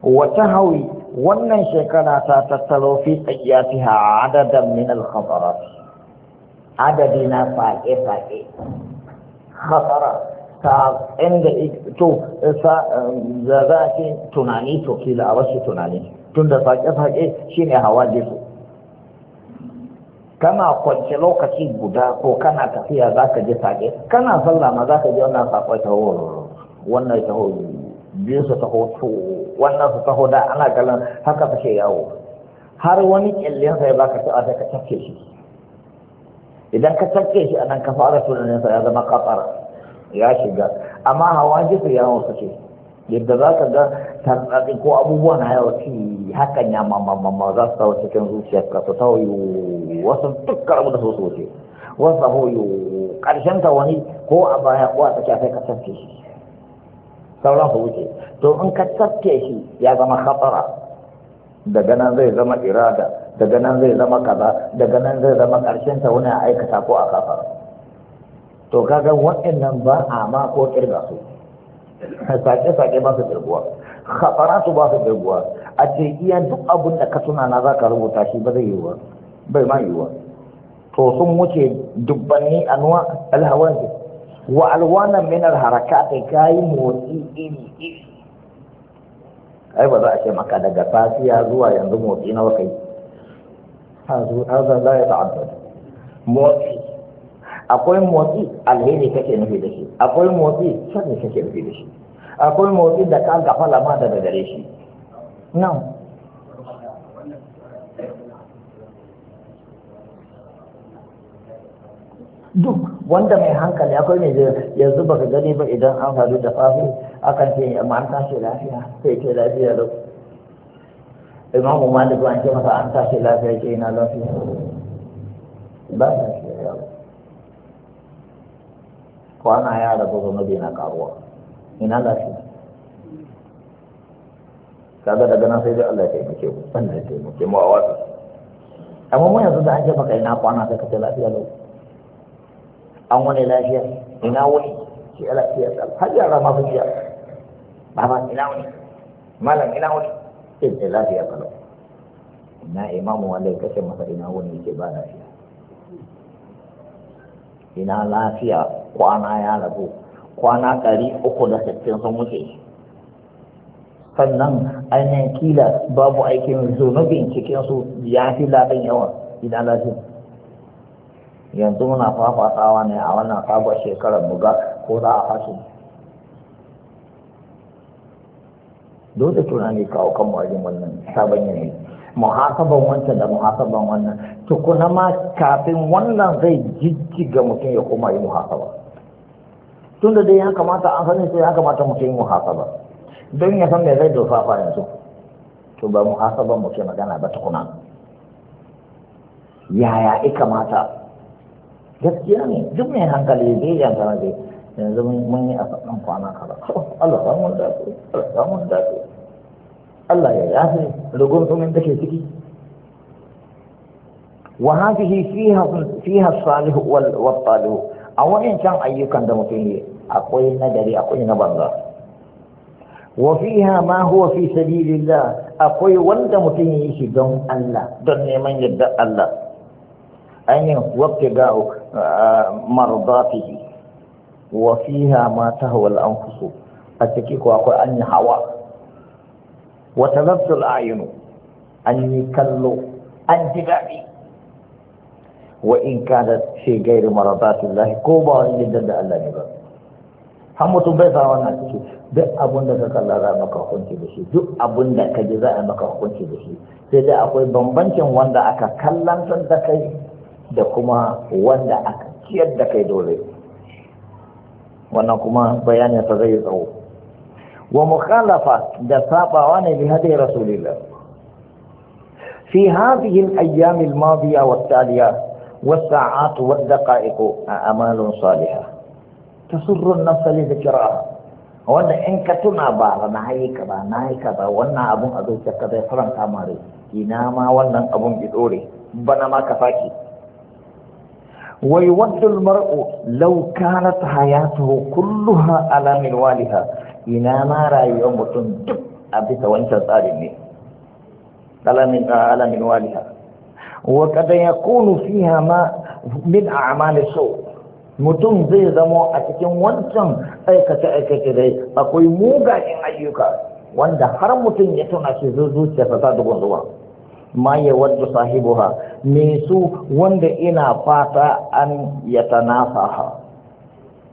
[SPEAKER 1] wata hawi wannan shekara ta tattaro fi tsayyatiha adadan min al khabarat adadi na fa'e faƙe ta inda to da um, za a ce tunani to kila a bashi tunani tun da sake-sake shi ne hawa jesu kana kwance lokaci guda ko kana tafiya za ka ji sake kana sallah ma za ka ji wannan saƙon taho wannan taho biyu su taho to wannan su taho da ana galan haka suke yawo har wani kyallensa ya baka sa'a da ka tafke shi idan ka tafke shi a anan ka fara tunaninsa ya zama kafara ya shiga amma hawa jisu ya wasu ce yadda za ka ga tattalin ko abubuwan hayawaci hakan ya mamamma za su tawo cikin zuciyar ka ta tawo wasu duk abu da su su wuce wasu hoyo karshen ta wani ko a baya ko a tsakiya sai ka tafke shi sauran su wuce to in ka tafke shi ya zama khatara daga nan zai zama irada daga nan zai zama kaza daga nan zai zama karshen ta wani a aikata ko a kafa to kaga waɗannan ba a ma ko kirga su sake-sake ba su kirguwa su ba su kirguwa a ce iya duk abin da ka tuna na zaka rubuta shi ba zai yiwuwa bai ma yiwuwa to sun wuce dubbanni alhawar alhawan wa alwana minar haraka ta kayi motsi iri iri ai ba za a ce maka daga safiya zuwa yanzu motsi na wakai. ha zuwa za la ya ta'addad motsi akwai motsi alheri kake nufi da shi akwai motsi sani kake nufi da shi akwai motsi da ka lamar da daga gare shi nan duk wanda mai hankali akwai mai yanzu baka gani ba idan an faru da fafi akan ce amma an tashi lafiya sai ce lafiya lau imamu ba an ce masa an tashi lafiya ke yana lafiya ba lafiya yawon. kwana ya rabu zunubi na karuwa ina lafi kaga daga nan sai dai Allah ya taimake mu da ya taimake mu a wasu amma mu yanzu da an jefa kai na kwana sai ka ce lafiya lau an wani lafiya ina wani ke lafiya sal har yara ma su ciya baba ina wani malam ina wani sai eh, eh, lafiya kalau na imamu wanda ya masa ina wani yake ba lafiya ina lafiya kwana ya rabu kwana ɗari uku da sittin sun wuce sannan ainihin kila babu aikin zunubin cikinsu ya fi laɗin yawan ina lafiya yanzu muna fafatawa ne a wannan sabon shekarar buga ko za a fashe dole tunani kawo kan wajen wannan sabon yanayi muhasaban wancan da muhasaban wannan tukuna ma kafin wannan zai jijjiga mutum ya koma yi muhasaba tun da dai ya kamata an sani sai ya kamata mutum yi muhasaba don ya san me zai dofafa yanzu to ba muhasaban muke magana ba tukuna yaya ya kamata gaskiya ne duk mai hankali zai yanzu yanzu mun yi a kwana kaza Allah samun dafi Allah samun dafi Allah ya yafe rugun tsumin take ciki wa hadhihi fiha fiha salih wal a wayan can ayyukan da mutum yi akwai nagari akwai na banza wa fiha ma huwa fi sabilillah akwai wanda mutum yi shi don Allah don neman yadda Allah ainihin wakti ga mardatihi wa fiha ma tahwa al-anfus a ciki ko akwai an hawa wata zartul ayinu an yi kallo an ji daɗi wa in kada shi gairi maradatun lahi ko ba wani yadda da Allah ne ba har mutum bai sa wannan ciki duk abin da ka kalla za maka hukunci da shi duk abin da ka ji za a maka hukunci da shi sai dai akwai bambancin wanda aka kallantar da kai da kuma wanda aka ciyar da kai dole wannan kuma bayanin sa zai tsawo ومخالفة دفاع وانا لهذه رسول الله في هذه الأيام الماضية والتالية والساعات والدقائق أعمال صالحة تسر النفس لذكرها وانا انك تنابا نايكا با نايكا با وانا ابو ادو تكتا فرن تاماري ما وانا ابو جدوري بنا ما كفاكي ويود المرء لو كانت حياته كلها على منوالها ina ma rayuwar mutum duk a bisa wancan tsarin ne alamin ta alamin waliha wa kada ya kunu fiha ma min a'mal so mutum zai zama a cikin wancan aikace aikace dai akwai mugayen ayyuka wanda har mutum ya tuna shi zuciyarsa ta da zuwa ma ya wadda sahibuha me su wanda ina fata an ya ha.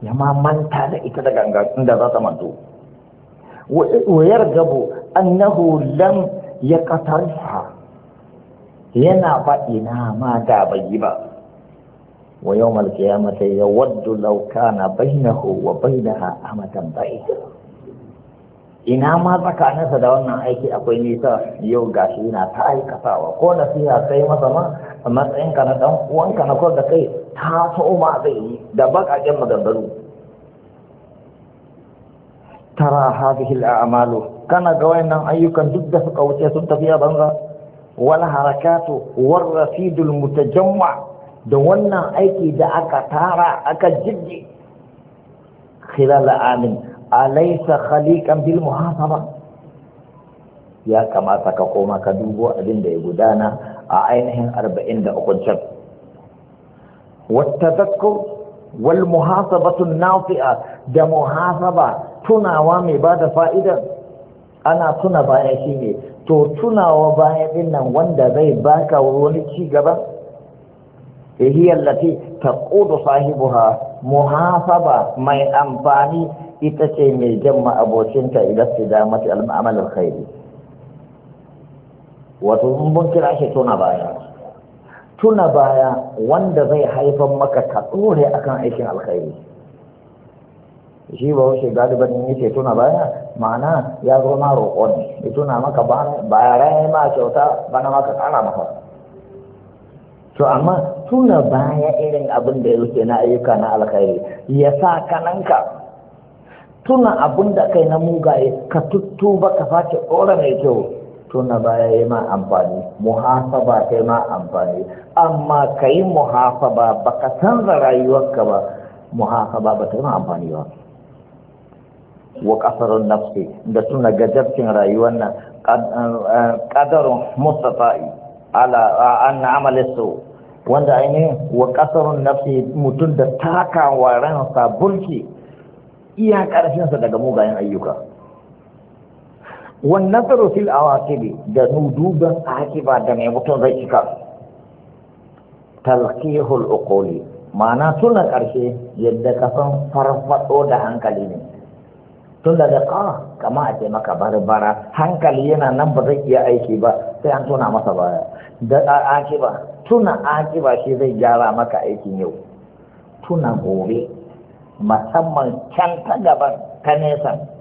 [SPEAKER 1] ya ma manta da ita da gangan inda za ta manto ويرغب أنه ya يقترفها yana faɗi na ma da bai ba wa yau malkiyamata ya waddu lauka na bainahu wa bainaha amatan bai ina ma tsakaninsa da wannan aiki akwai nisa yau gashi yana ta aikatawa ko nasiha sai masa ma a matsayinka na ɗan uwanka na da kai ta so ma zai yi da bakaken maganganu tara hadhihi al'amalu kana ga wayannan ayyukan duk da suka wuce sun tafi a banza wal harakatu war rasidul mutajamma da wannan aiki da aka tara aka jiddi khilal amin alaysa khaliqan bil muhasaba ya kamata ka koma ka dubo abin da ya gudana a ainihin 43 wata zakkur wal muhasabatu nafi'a da muhasaba tunawa mai ba da fa'ida ana tuna baya shi ne to tunawa baya din nan wanda zai baka wani ci gaba hiya allati taqudu sahibuha muhasaba mai amfani ita ce mai jamma abocinta ila istidamati al-amal al-khairi wato mun kira shi tuna baya tuna baya wanda zai haifan maka ka tsore akan aikin alkhairi shi ba wace galiban ne ce tuna baya ma'ana ya zo na roƙo ne ya tuna maka baya rai ma kyauta bana maka ƙara maka to amma tuna baya irin abin da ya wuce na ayyuka na alkhairi ya sa kananka tuna abin da kai na mugaye ka tuttuba ka face ɗora mai kyau tuna baya yi ma amfani muhasaba ta yi ma amfani amma ka yi muhasaba ba ka canza rayuwarka ba muhasaba ba ta yi ma amfani ba wa kasarun nafsi da tuna gajabcin rayuwar nan eh, kadarun mustafa'i ala an amalin su wanda ainihin wa kasarun nafsi mutum da takawa ransa bulki iya karfinsa daga mugayen ayyuka Wannan nazaru fil awaqibi da duban akiba da mai mutum zai cika talqihul uquli ma'ana tuna karshe yadda ka san farfado da hankali ne tun daga ka kama a ce maka barbara hankali yana nan ba zai iya aiki ba sai an tuna masa baya da akiba tuna akiba shi zai gyara maka aikin yau tuna gobe musamman can ta gaban ta nesa.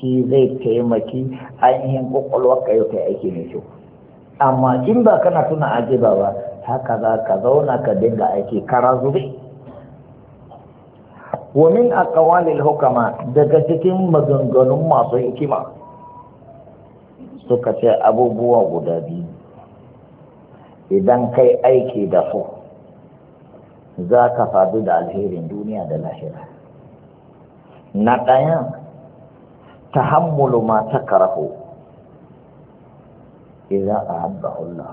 [SPEAKER 1] shi zai taimaki ainihin kwakwalwar ka yau kai aiki mai kyau amma in ba kana tuna ajiba ba haka za ka zauna ka dinga aiki kara zube wa min aqwalil hukama daga cikin maganganun masu hikima suka ce abubuwa guda biyu idan kai aiki da su za ka faɗi da alherin duniya da lahira na ɗayan tahammulu ma takrahu idza ahabba Allah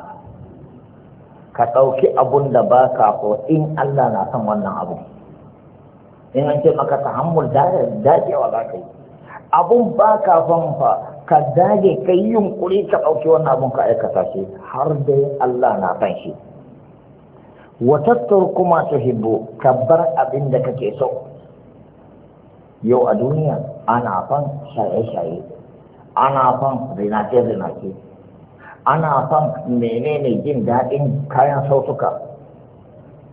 [SPEAKER 1] ka dauki abun da baka so in Allah na san wannan abu in an ce maka tahammul da dajewa za ka yi abun baka son fa ka dage kai yin yunkuri ka dauki wannan abun ka aikata shi har dai Allah na san shi wa tattarku ma tuhibbu ka bar abin da kake so yau a duniya ana son shaye-shaye ana son rinake-rinake, ana son menene jin daɗin kayan sautuka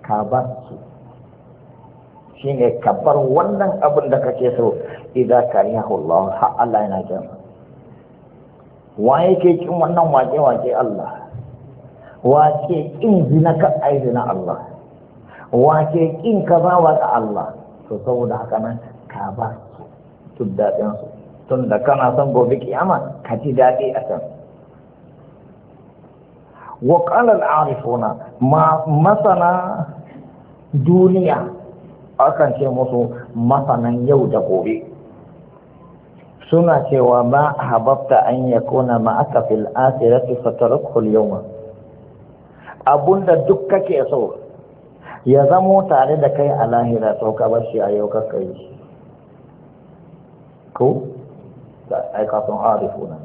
[SPEAKER 1] ka ba su shi ne ka bar wannan abin da kake so idan ka riya Allah ha Allah yana kin wa yake kin wannan wake-wake Allah ke kin zina ka ai zina Allah wake kin kaza wa Allah to saboda haka nan ka su cin daɗinsu tun da kana son gobe kiyama ka ji daɗi a can wa ƙalar arifuna masana duniya akan ce musu masanan yau da gobe suna cewa ma hababta an ya kona ma'aka fil asirati fatarakul yawma abunda duk kake so ya zamo tare da kai a lahira to ka bar shi a yau ka yi. ko ai arifu arifuna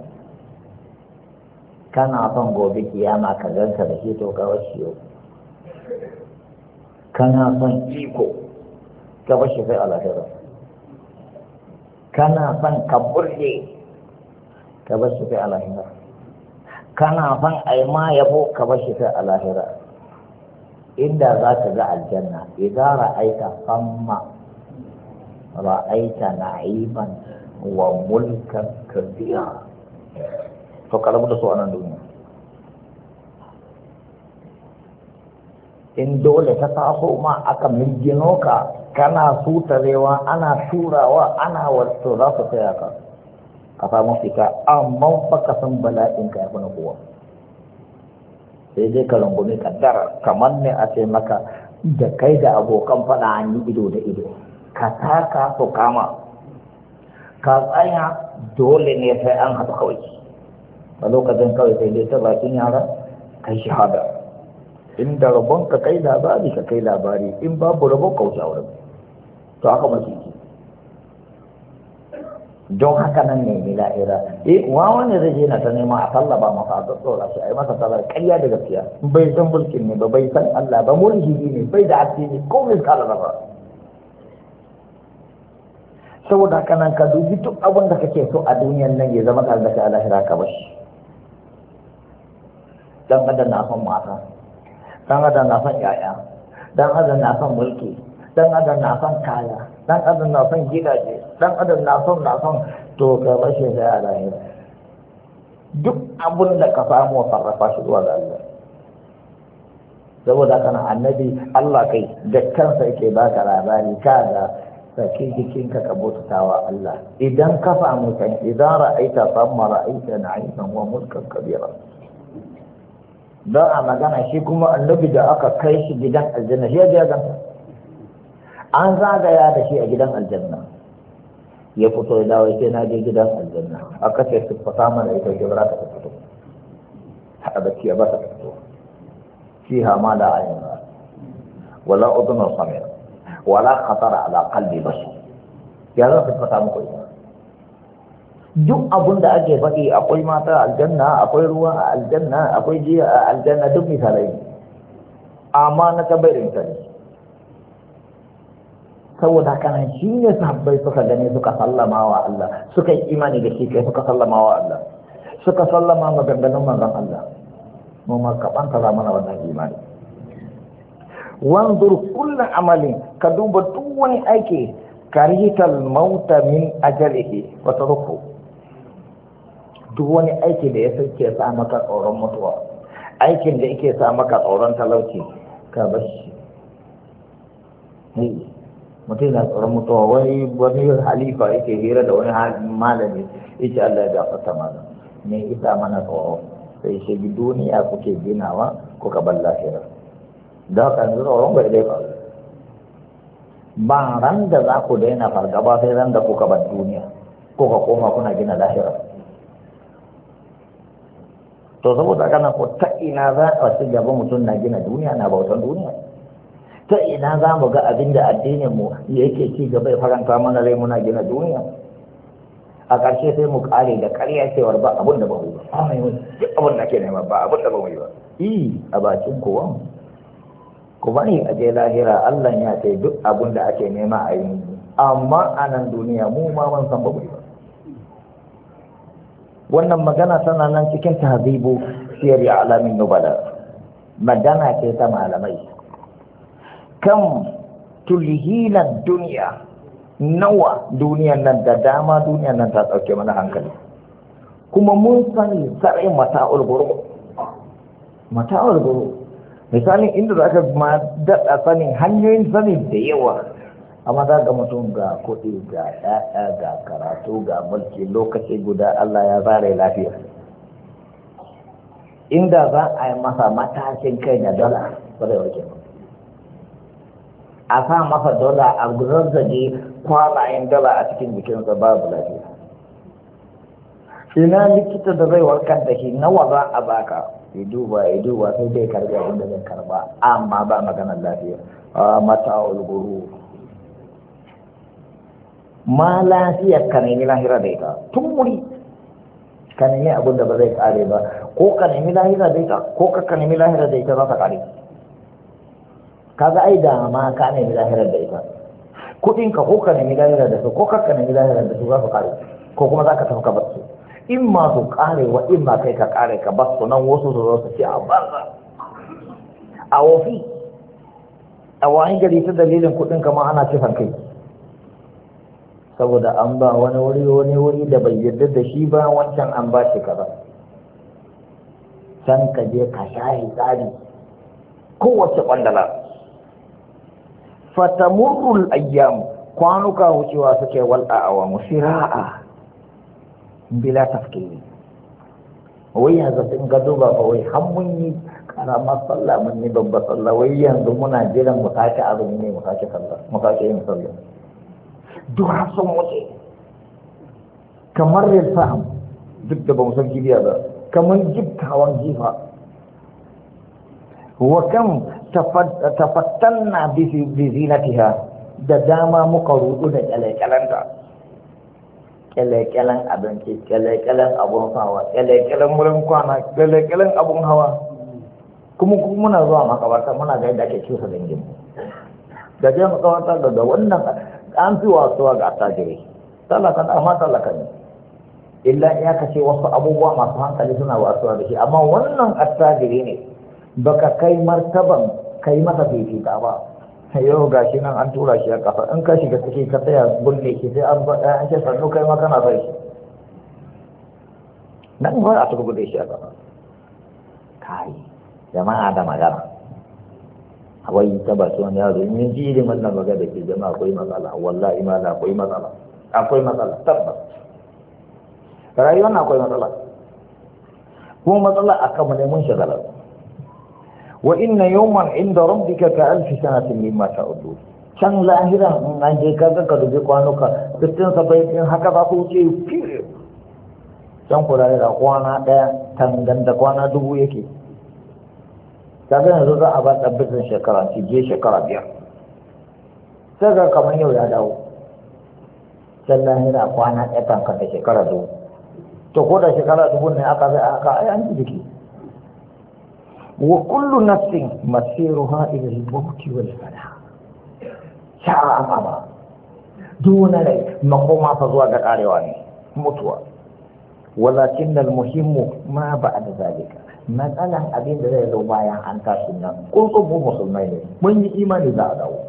[SPEAKER 1] kana son gobe kiyama ka ganka da shi hito gawar shiyo kana son iko gawar shi sai alahira kana son ka burge gawar shi sai alahira kana son ai ma yabo gawar shi sai alahira inda za ka ga aljanna idan ra'aita famma ra'aita na'iman wa mulkan kabira to karabu da su a nan duniya in dole ta taso ma aka migino ka kana sutarewa ana turawa ana wato za su tsaya ka ka samu fita amma fa ka san bala'in ka yafi na kowa sai dai ka rungumi dara, kamar ne a ce maka da kai da abokan faɗa an yi ido da ido ka taka su kama ka tsaya dole ne sai an haɗu kawai a lokacin kawai sai dai ta bakin yara kai shahada inda rabon ka kai labari ka kai labari in babu rabon ka wuce wurin to haka mace yi don haka nan ne ni la'ira eh wa wani zai je na ta nema a tallaba masa a tsora shi a yi masa tallar karya da gaskiya bai san mulkin ne ba bai san Allah ba mulki ne bai da asiri ko kala ba saboda haka nan ka dubi duk abin da kake so a duniyan nan ya zama tare da kai a lahira ka bashi dan adam na son mata dan adam na son yaya dan adam na son mulki dan adam na son kaya dan adam na son gidaje dan adam na son na son to ka bashi sai a lahira duk abin da ka samu sarrafa shi zuwa ga Allah saboda kana annabi Allah kai da kansa yake baka labari kaga sake jikinka ka bauta wa Allah idan ka samu kan idan ra'aita famma ra'aita na'iman wa mulkan kabira don a magana shi kuma annabi da aka kai shi gidan aljanna shi ya ganta an zagaya da shi a gidan aljanna ya fito ya dawo sai na je gidan aljanna aka ce su fata mana ita ke ba ta fito a bakiya ba ta fito shi hama da ayin ba wala udunar samira wala khatara ala qalbi bashar ya za su fata muku ita duk abun da ake faɗi akwai mata aljanna akwai ruwa a aljanna akwai jiya a aljanna duk misalai amma na tabbarin ta ne saboda kana shi ne sahabbai suka gane suka sallama wa Allah suka yi imani da shi kai suka sallama wa Allah suka sallama maganganun manzon Allah mu ma kaban ta zamana wannan imani wanzur kullu amalin ka duba duk wani aiki karital mauta min ajalihi wa tarku duk wani aiki da ya sake sa maka tsoron mutuwa aikin da yake sa maka tsoron talauci ka bar shi mutum na tsoron mutuwa wani wani halifa yake hira da wani malami ita Allah ya gafarta mana me isa mana tsoro sai shi duniya kuke ginawa kuka bar lafiya da haka yanzu tsoron bai dai faru ba ran da za ku daina fargaba sai ran da kuka bar duniya ka koma kuna gina lahira to saboda kana ko ta ina za a ci gaba mutum na gina duniya na bautan duniya ta ina za mu ga abin da addinin mu yake ci gaba ya faranta mana rai muna gina duniya a ƙarshe sai mu ƙare da ƙarya cewar ba abin da ba mu ba duk abin da ke nema ba abin da ba mu yi ba i a bakin kowa mu ku bari a je lahira Allah ya ce duk abun da ake nema a yi amma a nan duniya mu ma mun san ba ba wannan magana tana nan cikin tahzibu ya alamin nubala magana ce ta malamai kam tulhina duniya nawa duniyan nan da dama duniyan nan ta ɗauke mana hankali kuma mun sani sarai mata'ul buru mata'ul buru misalin inda za ka ma daɗa sanin hanyoyin sanin da yawa amma za ga mutum ga kuɗi ga ɗaɗa ga karatu ga mulki lokaci guda Allah ya zare lafiya inda za a yi masa matashin kai na dala ba zai warke a sa masa dala a zazzage kwanayen dala a cikin jikinsa babu lafiya ina likita da zai warkar da shi nawa za a baka ya duba ya duba sai dai karbi abin da zai karba amma ba maganar lafiya mata ulguru ma lafiya ka nemi lahira da ita tun wuri ka nemi abin da ba zai kare ba ko ka nemi lahira da ita ko ka ka nemi lahira da ita za ka kare kaga ai yi dama ka nemi lahira da ita kudin ka ko ka nemi lahira da su ko ka ka nemi lahira da su za su kare ko kuma za ka tafi ka su in ma su wa in ma kai ka kare ka ba su nan wasu su zo su ce a banza a wofi a wani gari ta dalilin kudin kama ana cefan kai saboda an ba wani wuri wani wuri da bai yarda da shi ba wancan an ba shi kaza can ka je ka shahi tsari kowace ƙwandala fatamurul ayyam kwanuka wucewa suke wal'a mu wa musira'a bila tafkiri wai yanzu in ga duba ba wai har mun yi karamar sallah mun yi babbar sallah wai yanzu muna jiran mu sake azumi ne mu sake sallah mu sake yin sallah duk har sun wuce kamar rin sa'am duk da ba mu san kibiya ba kamar jibtawan jifa wa kam tafattanna bi zinatiha da dama muka rudu da kyalkyalanta kyalekyalen abinci kyalekyalen abun hawa kyalekyalen wurin kwana kyalekyalen abun hawa kuma kuma muna zuwa makabarta muna ga yadda ake cusa dangin mu da ke makabarta daga wannan an fi wasuwa ga attajiri na amma talakan ne illa ya kace wasu abubuwa masu hankali suna wasuwa da shi amma wannan attajiri ne baka kai martaban kai masa fifita ba yau ga shi nan an tura shi a kafa in ka shiga ciki ka tsaya bulle shi sai an an ce sannu kai ma kana sai shi nan ba a turbude shi a kafa kai jama'a da magana wai ta ba su wani yaro in ji irin wannan magana da ke jama'a akwai matsala wallahi ma da akwai matsala akwai matsala tabbas rayuwar akwai matsala kuma matsala akan mu ne mun shagalar wa inna yawman inda rabbika ka alf sanatin mimma ta'udu can lahira in an je ka ka dubi kwanuka sittin saba'in haka ba ku ce. can ku lahira kwana ɗaya tangan da kwana dubu yake ga yanzu za a ba tabbatin shekara ci je shekara biyar sai ga kamar yau ya dawo can lahira kwana daya tankan da shekara dubu to ko da shekara dubu ne aka zai aka ai an ji jiki wa kullu nafsin masiruha ila al mauti wal fana sha'a amama duk lai rai makoma fa zuwa ga karewa ne mutuwa walakin al-muhimmu ma ba'da zalika matsalan abin da zai zo bayan an tashi nan kun so mu musulmai ne mun yi imani za a dawo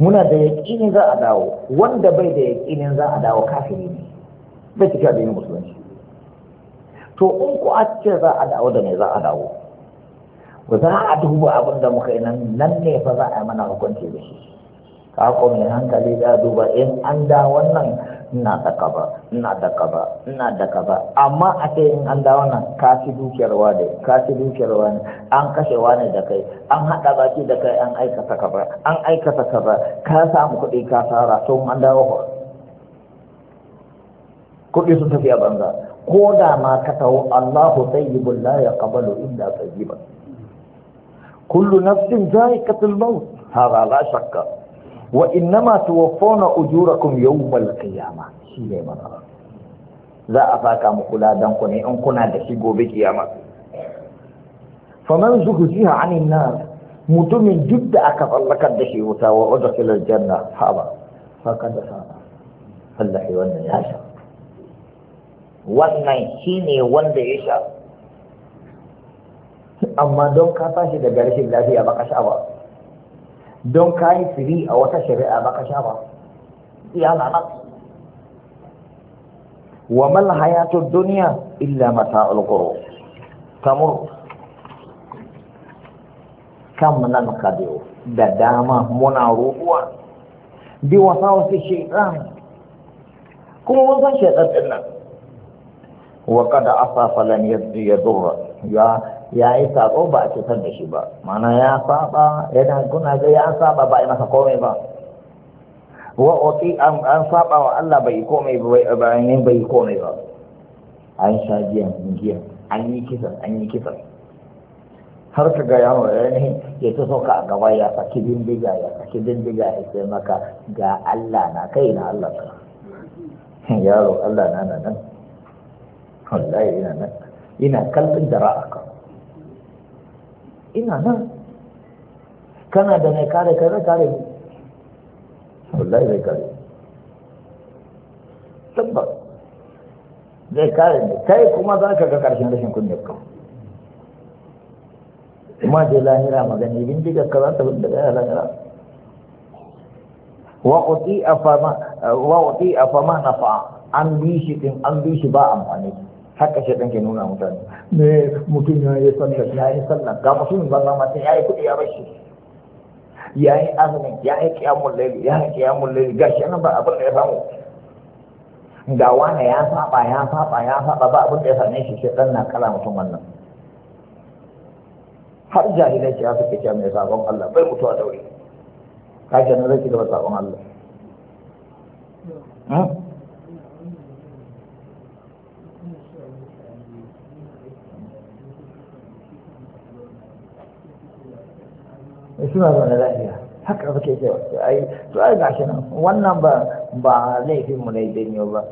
[SPEAKER 1] muna da yaƙini za a dawo wanda bai da yaƙinin za a dawo kafiri ne bai cika da yin musulunci to in ku a ce za a dawo da me za a dawo ku za a dubu abin da muka yi nan nan ne fa za a yi mana hukunci da shi ka ko mai hankali za a duba in an da wannan ina da kaba ina da kaba ina da kaba amma a ce in an da wannan ka ci dukiyarwa da ka ci dukiyarwa ne an kashewa ne da kai an haɗa baki da kai an aikata kaba an aikata kaba ka samu kuɗi ka fara to an dawo kuɗi sun tafi a banza ko da ma ka tawo Allahu tayyibul la yaqbalu illa tayyiban kullu nafsin za'iqatul maut hada la shakka wa innama tuwaffawna ujurakum yawmal qiyamah shi ne matsala za a saka muku ladan ku ne in kuna da shi gobe kiyama faman zuhziha mutumin duk da aka tsallakar da shi wuta wa udkhila aljanna haba da sana Allah ya wannan ya sha wannan shine wanda ya sha amma don ka tashi daga rashin lafiya baka sha ba don ka yi firi a wata shari'a baka sha ba ya nan wa mal hayatu dunya illa mata'ul ghurur kamur kam nan kadiyo da dama muna ruwa bi wasa wasu shaitan kuma mun san shaitan din nan wa qad asafa lan yadurra ya ya yi saƙo ba a cutar da shi ba mana ya saba yana guna ga ya saba ba a masa komai ba wa oti an saba wa Allah bai komai ba bayan bai komai ba an sha jiya jiya an yi kisan an yi kisan har ka ga yawon ainihin ya ta sauka a gaba ya saki bindiga ya saki bindiga ya ce maka ga Allah na kai na Allah ka yaro Allah na nan wallahi ina nan ina kallon da ra'a ina nan kana da mai kare kai zai kare ni wallahi zai kare tabbas zai kare ni kai kuma za ka ga karshen rashin kunyar ka kuma je lahira magani bindigar ka za ta fi daga lahira wa uti afama na fa'a an bi shi din an bi shi ba amfani haka shi ɗan ke nuna mutane me mutum ya yi sallar ya yi sallar ga mutum banza mace ya yi kuɗi ya bashi ya yi azumin ya yi kiyamun laili ya yi kiyamun laili ga shi nan ba abin da ya samu ga wani ya saba ya saba ya saba ba abin da ya same shi shi ɗan na kala mutum wannan har jahilai ce ya suke cewa mai sabon Allah bai mutuwa daure ka ce na zai ci gaba sabon Allah hmm? suna zaune lafiya haka suke cewa to ai to ai gashi nan wannan ba ba laifin mu ne janyo ba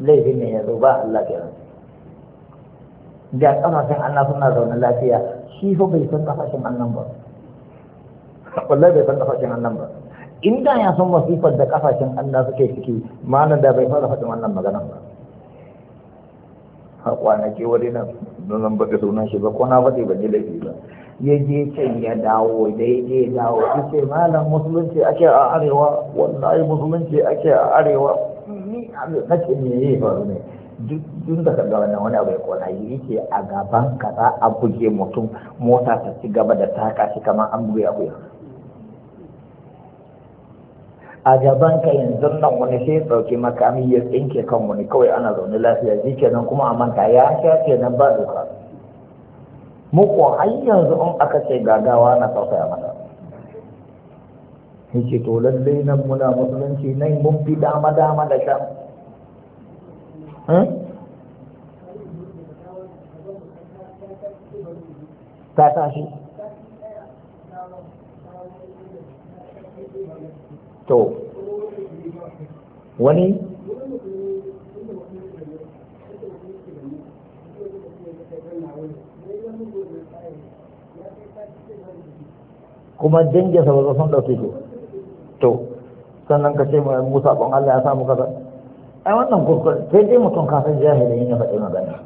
[SPEAKER 1] laifin ne ya zo ba Allah ya nan da kasashen Allah suna zaune lafiya shi fa bai san fashin Allah ba wallahi bai san fashin Allah ba in da ya san masifar da kafashin Allah suke ciki mana da bai fara faɗin wannan magana ba a kwanaki wani nan nan ba ka sunan shi ba ko na faɗi ba yi laifi ba ya je can ya dawo daidai dawo ce malam musulunci ake a arewa wallahi musulunci ake a arewa ni na ce me yi faru ne duk da kaga wannan wani abu ya kona yi yake a gaban ka za a buge mutum mota ta ci gaba da taka shi kamar an buge abu a gaban ka yanzu nan wani sai ya ɗauki makami ya tsinke kan wani kawai ana zaune lafiya shi kenan kuma a manta ya sha nan ba doka muku har yanzu in aka ce gagawa na tausaya masa ya ce to lallai nan muna musulunci nan mun fi dama dama da sha hmm? ta tashi to wani kuma dangin sa ba san da shi to sannan ka ce ma Musa ban Allah ya samu kaza ai wannan kuskure sai dai mutum ka san jahilin ya faɗi magana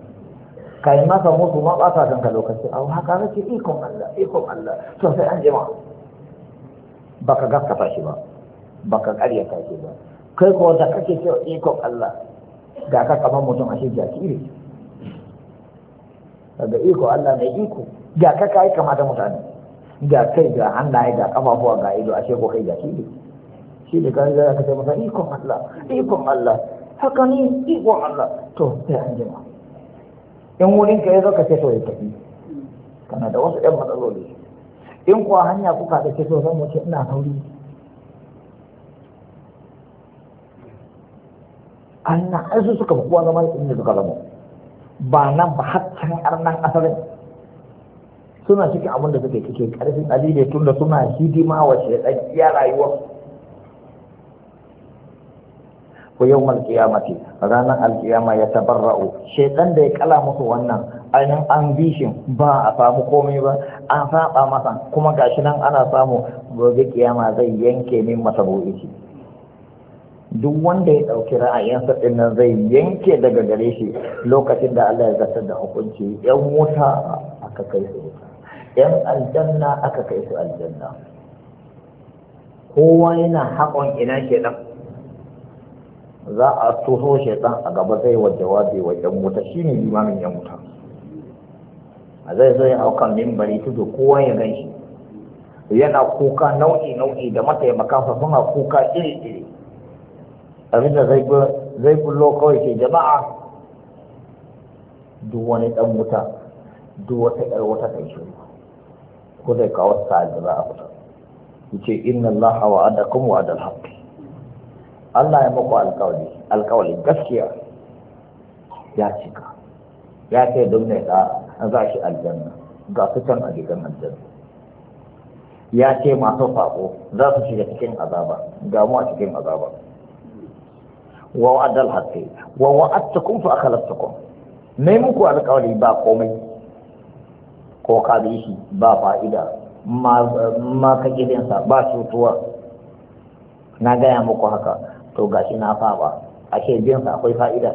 [SPEAKER 1] kai ka musu ma ba san ka lokaci a haka ce ikon Allah ikon Allah to sai an jima baka gaskata shi ba baka karyata shi ba kai ko da kake cewa ikon Allah ga ka kamar mutum a shi jakiri daga iko Allah mai iko ga ka kai kama da mutane ga kai ga hannaye ga kafafuwa ga ido a ko kai ga shi ne shi ne kan zai ka ce masa ikon Allah ikon Allah haka ne ikon Allah to sai an jima in wurin ka yazo ka ce to ya tafi kana da wasu ɗan matsaloli in kuwa hanya kuka da ke so zan wuce ina sauri an na su suka fi kowa zama inda suka zama ba nan ba har can arnan asalin suna cikin abin da suke cikin karfin tun da suna hidima wa shaitan iya rayuwa ko yau malkiyamati ranar alkiyama ya tabarra'u shaitan da ya kala musu wannan ainihin an bishin ba a samu komai ba an saba masa kuma gashi nan ana samu gobe kiyama zai yanke min masa bu'ici duk wanda ya ɗauki ra'ayinsa ɗin nan zai yanke daga gare shi lokacin da Allah ya zartar da hukunci yan wuta aka kai su yan aljanna aka kai su aljanna kowa yana haƙon ina nan. za a tuho shaidan a gaba zai wa jawabi wa yan wuta shine limamin yan wuta a zai zo ya aukan mimbari tudu kowa ya gan shi yana kuka nau'i nau'i da fa suna kuka iri iri abinda zai bullo kawai ke jama'a duk wani dan wuta duk wata yar wata kai shiru ko zai kawo sa'ad da za a fita yace inna allaha wa'adakum wa'adal haqq Allah ya muku alƙawari alƙawari gaskiya ya cika ya ce don ne da za shi aljanna ga su can a gidan aljanna ya ce masu faɓo za su shiga cikin azaba ga mu a cikin azaba wa wa'adal haqqi wa wa'adtukum fa akhlaftukum ne muku alƙawari ba komai ko ka bi shi ba fa'ida ma ka gidansa ba cutuwa na gaya muku haka to gashi na faɓa, a ke jinsa akwai fa'ida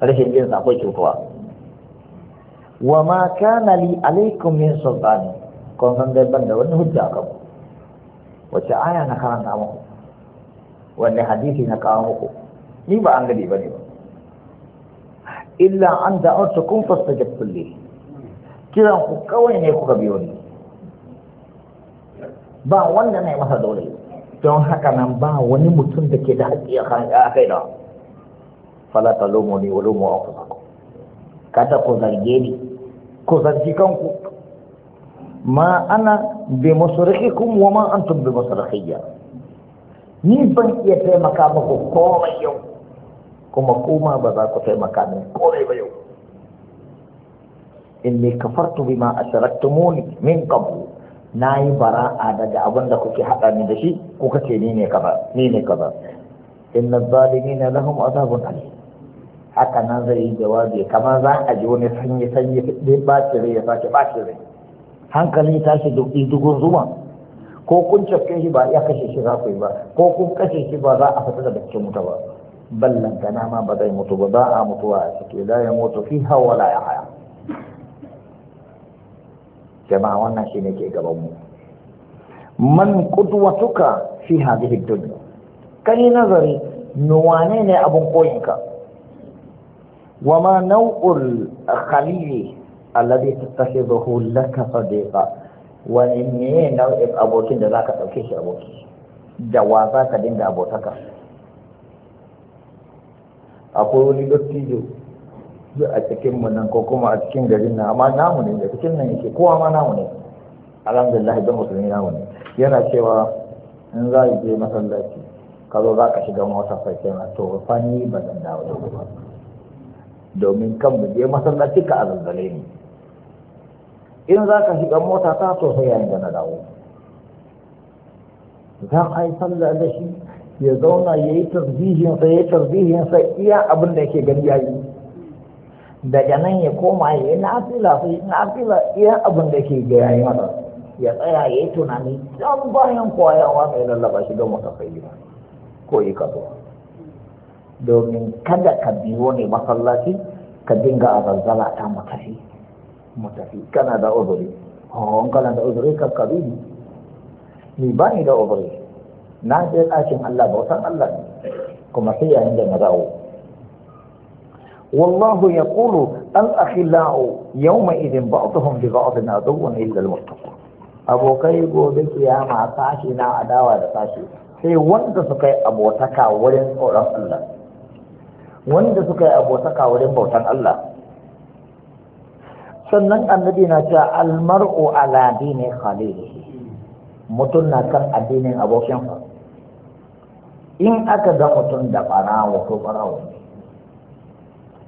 [SPEAKER 1] rashin jinsa akwai cutuwa wa ma kana li alaikum min sultani kun san dai ban da wani hujja kan wace aya na karanta muku wanne hadisi na kawo muku ni ba an gadi ne ba illa an da'atukum fastajabtu lihi kiran ku kawai ne kuka biyo ni ba wanda na masa dole don haka nan ba wani mutum da ke da haƙƙi a kai da fala ta lomo ne wani mu aku ku kada ku zarge ni ku zargi kanku ma ana bi musrikikum wa ma antum bi musrikiyya ni ban iya taimaka muku komai yau kuma kuma ba za ku taimaka min komai ba yau inni kafartu bima asharaktumuni min qabl nayi bara'a daga abin da kuke hada ni da shi ko kace ni ne kaza ni ne kaza inna zalimina lahum azabun alim haka zai yi jawabi kamar za a ji wani sanyi sanyi ɗin ɓaci rai ya sake ɓaci rai hankali tashi dugun zuma ko kun cafke shi ba ya kashe shi za ku yi ba ko kun kashe shi ba za a fita daga cikin wuta ba ballan kana ma ba zai mutu ba za a mutuwa a ciki la ya mutu fi hawa la ya haya jama'a wannan shi ne ke mu. man tuka fi hadhihi dunya kai nazari nuwane ne abun koyinka wa ma nau'ul khalili alladhi tattakhidhuhu laka sadiqa wa ne nau'in abokin da zaka dauke shi aboki da wa zaka dinga abotaka akwai wani dattijo duk a cikin mu nan ko kuma a cikin garin nan amma namu ne da cikin nan yake kowa ma namu ne alhamdulillah don musulmi namu ne yana cewa in za je masallaci ka zo za ka shiga mota sai kenan to fani ba zan dawo da ba domin kan mu je masallaci ka azazzale ni in za ka shiga mota ta to sai yayin da na dawo za a yi sallah da shi ya zauna ya yi tarbihinsa ya yi tarbihinsa iya abin da yake gani ya yi daga nan ya koma ya yi nafila su yi iya abin da ke gaya yi mata ya tsaya ya yi tunani don bayan koyawa sai lallaba shi don mutafayyira ko yi kasuwa domin kada ka biyo ne masallaci ka dinga a zanzala ta matafi matafi kana da uzuri hawan oh, kana da uzuri ka kabi ni ni ba ni da uzuri na je ɗakin Allah bautan Allah kuma sai yayin da na dawo والله يقول الأخلاء يومئذ بعضهم لبعض عدو إلا المتقون أبو كيبو بالقيامة ساشي نا عداوة ساشي sai wanda suka yi abotaka wurin tsoron Allah wanda suka yi abotaka wurin bautan Allah sannan annabi na cewa almar'u ala dini khalilihi mutum na kan addinin abokinsa in aka ga mutum da barawo ko barawo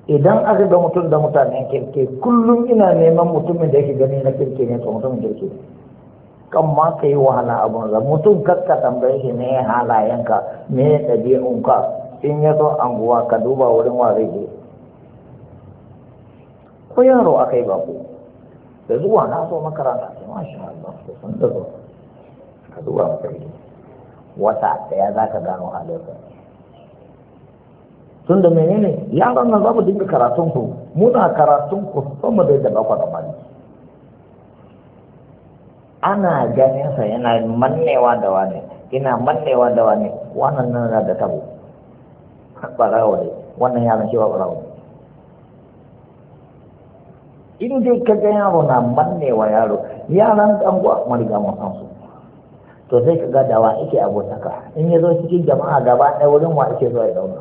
[SPEAKER 1] idan aka ga mutum da mutanen kirki kullum ina neman mutumin da yake gani na kirki ne to mutumin kirke. ne kan ma ka yi wahala a banza mutum kakka tambaye shi ne halayenka me ka?" in ya zo anguwa ka duba wurin wa zai je ko yaro kai ba ku da zuwa na zo makaranta ce masha Allah ko san da zo ka duba maka wata ɗaya za ka gano halayenka tun da menene yaran nan za mu dinga karatun ku muna karatun ku sama da yadda bakwa da mali ana ganin sa yana mannewa da wane ina mannewa da wane wannan nan na da tabo barawa ne wannan yaran shi ba ne in dai ka ga yaro na mannewa yaro yaran gwa mariga mun san su to sai ka ga dawa ike ka, in ya zo cikin jama'a gaba ɗaya wurin wa ike zuwa ya zauna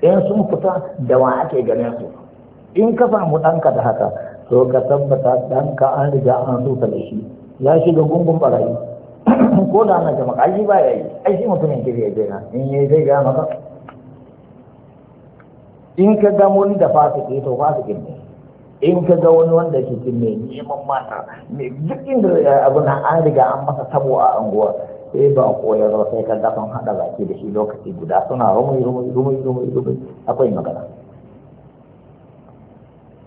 [SPEAKER 1] in sun fita da wa ake ganin su in ka samu ɗanka da haka to ka tabbata ɗanka an riga an zuta da shi ya shiga gungun barayi ko da na jama'a ai ba ya yi ai shi mutumin kiri ya na in yi zai ga maka in ka ga wani da fasiki to fasikin ne in ka ga wani wanda ke mai neman mata duk inda abu na an riga an masa tabo a anguwa sai ba koyar ya sai ka ga haɗa baki da shi lokaci guda suna rumai rumai rumai rumai akwai magana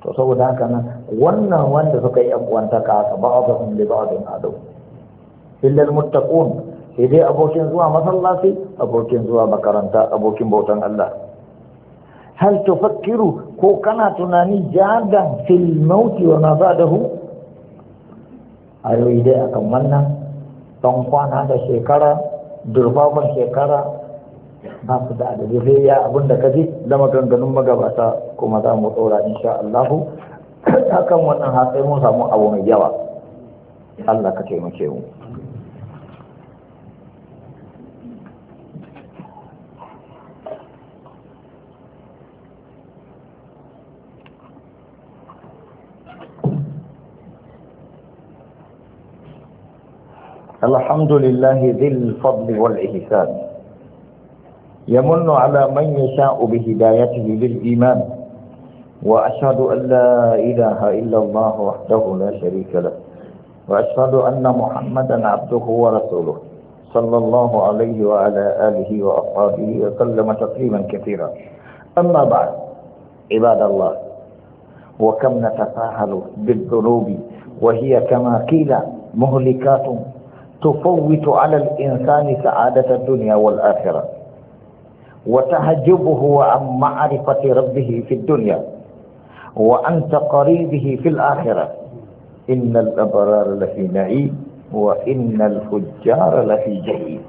[SPEAKER 1] to saboda haka nan wannan wanda suka yi abuwanta ka haka ba a sun da ba a zafin illal muttaqun sai dai abokin zuwa masallaci abokin zuwa makaranta abokin bautan Allah hal tufakkiru ko kana tunani jadan fil mauti wa ma ba'dahu ayoyi dai akan wannan don kwana da shekara durfafan shekara ba su da adadi sai ya abin da kaji da maganganun magabata kuma za mu tsora insha Allahu hakan wannan hatsai mun samu abu mai yawa Allah ka taimake mu الحمد لله ذي الفضل والإحسان يمن على من يشاء بهدايته للإيمان وأشهد أن لا إله إلا الله وحده لا شريك له وأشهد أن محمدا عبده ورسوله صلى الله عليه وعلى آله وأصحابه وسلم تسليما كثيرا أما بعد عباد الله وكم نتساهل بالذنوب وهي كما قيل مهلكات تفوت على الإنسان سعادة الدنيا والآخرة وتحجبه عن معرفة ربه في الدنيا وعن تقريبه في الآخرة إن الأبرار لفي نعيم وإن الفجار لفي جحيم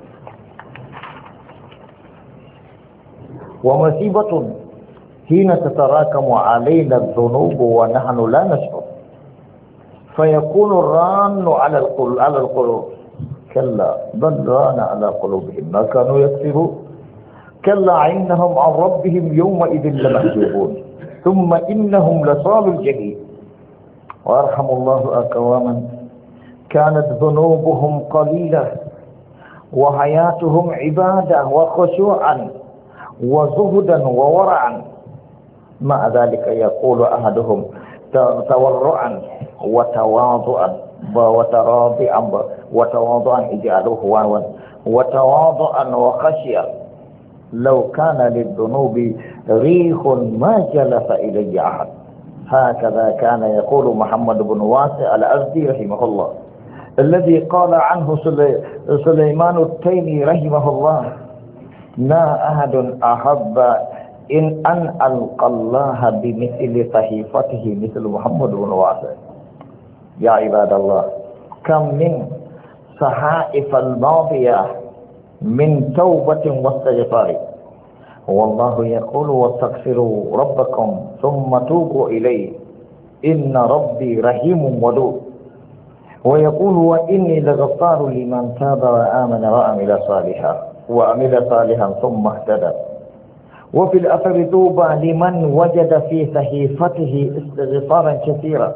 [SPEAKER 1] ومصيبة حين تتراكم علينا الذنوب ونحن لا نشعر فيكون الران على القلوب كلا بل ران على قلوبهم ما كانوا يكسبون كلا عينهم عن ربهم يومئذ لمحجوبون ثم إنهم لصال الجحيم وأرحم الله أقواما كانت ذنوبهم قليلة وحياتهم عبادة وخشوعا وزهدا وورعا مع ذلك يقول أحدهم تورعا وتواضعا وتراضعا وتواضعا اجعله واوا وتواضعا وخشيا لو كان للذنوب ريح ما جلس الي احد هكذا كان يقول محمد بن واسع الازدي رحمه الله الذي قال عنه سليمان التيمي رحمه الله ما أحد أحب إن أن ألقى الله بمثل صحيفته مثل محمد بن واسع يا عباد الله كم من صحائف الماضية من توبة واستغفار والله يقول واستغفروا ربكم ثم توبوا إليه إن ربي رحيم ودود ويقول وإني لغفار لمن تاب وآمن وعمل صالحا وعمل صالحا ثم اهتدى وفي الأثر توبى لمن وجد في صحيفته استغفارا كثيرا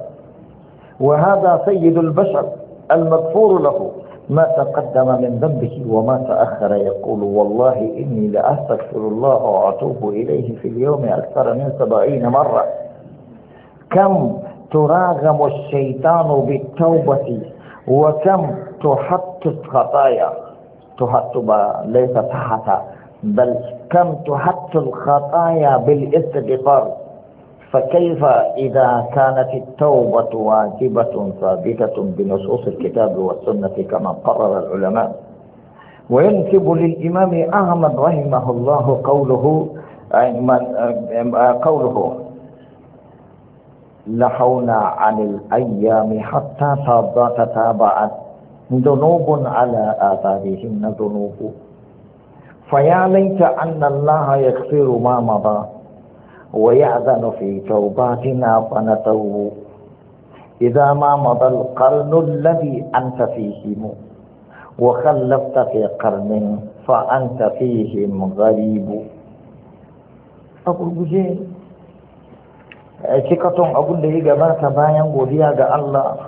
[SPEAKER 1] وهذا سيد البشر المغفور له ما تقدم من ذنبه وما تأخر يقول والله إني لأستغفر الله وأتوب إليه في اليوم أكثر من سبعين مرة كم تراغم الشيطان بالتوبة وكم تحطط خطايا تحطب ليس تحت بل كم تحط الخطايا بالاستغفار فكيف إذا كانت التوبة واجبة ثابتة بنصوص الكتاب والسنة كما قرر العلماء وينسب للإمام أحمد رحمه الله قوله قوله لحونا عن الأيام حتى تتابعت ذنوب على آثارهن ذنوب فيا ليت أن الله يغفر ما مضى ويأذن في توباتنا فنتوب إذا ما مضى القرن الذي أنت فيهم وخلفت في قرن فأنت فيهم غريب أبو جهل cikaton abin da ya gabata bayan godiya ga Allah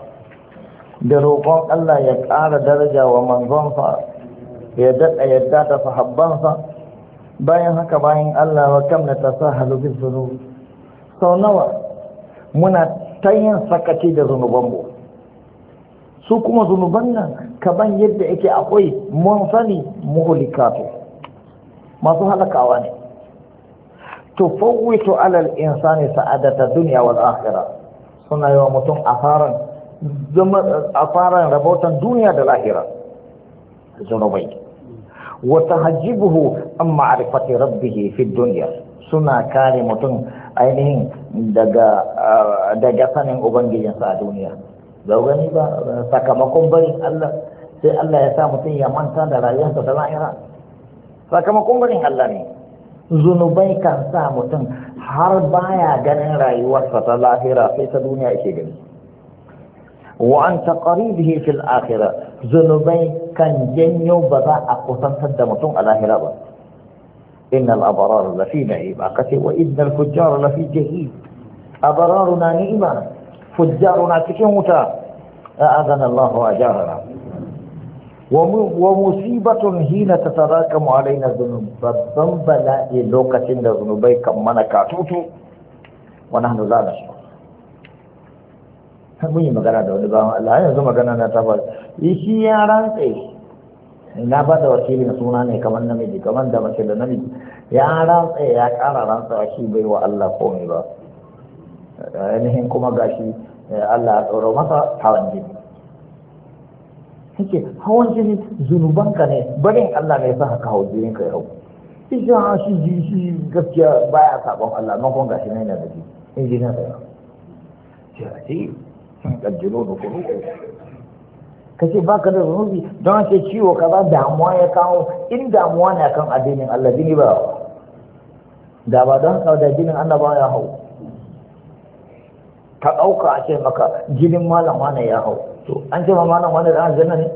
[SPEAKER 1] da roƙon Allah ya ƙara daraja wa manzonsa ya daɗa yadda da sahabbansa bayan haka bayan Allah wa kam na sa halubin zunubi. sau nawa muna ta yin sakaci da zunubanmu su kuma zunuban nan kaban yadda yake akwai mun sani muhulikatu? masu halakawa ne To tufawwitu alal insani sa'adata duniya wal akhirah suna yawa mutum asaran zama asaran rabotan duniya da lahira zunubai wa tahjibuhu an ma'rifati rabbih fi dunya suna kare mutum ainihin daga daga sanin ubangijinsa a duniya ba gani ba sakamakon barin Allah sai Allah ya sa mutum ya manta da rayuwarsa ta lahira sakamakon barin Allah ne zunubai kan sa mutum har baya ganin rayuwarsa ta lahira sai ta duniya yake gani wa an taqaribihi fil akhirah zunubai kan janyo ba za a kusantar da mutum a lahira ba inna al-abrar la fi na'im akati wa inna al-fujjar la fi jahim abraruna ni'ima fujjaruna cikin wuta a'adana Allah wa ajarana wa musibatun hina tatarakamu alaina dhunub babban bala'i lokacin da zunubai kan mana katutu wa nahnu la nashkur mun yi magana da wani bawan Allah yanzu magana na tabbata shi ya rantse na ba da wakilin suna ne kamar namiji kamar da mace da namiji ya rantse ya kara rantsa shi bai wa Allah komai ba ainihin kuma gashi eh, Allah ya tsoro masa hawan jini suke hawan jini zunubanka ne barin Allah ne sa haka hau jini ka yau. ija shi ji ah, shi gaskiya baya sabon Allah man kun gashi ne na da shi injiniya sai ya ce ajiro da kuru ka ce baka da zunubi don ce ciwo kaza damuwa ya kawo in damuwa ne akan addinin Allah jini ba da ba don ka da jinin Allah ba ya hau ka ɗauka a ce maka jinin malam wane ya hau to an ce ma malam wane da aljanna ne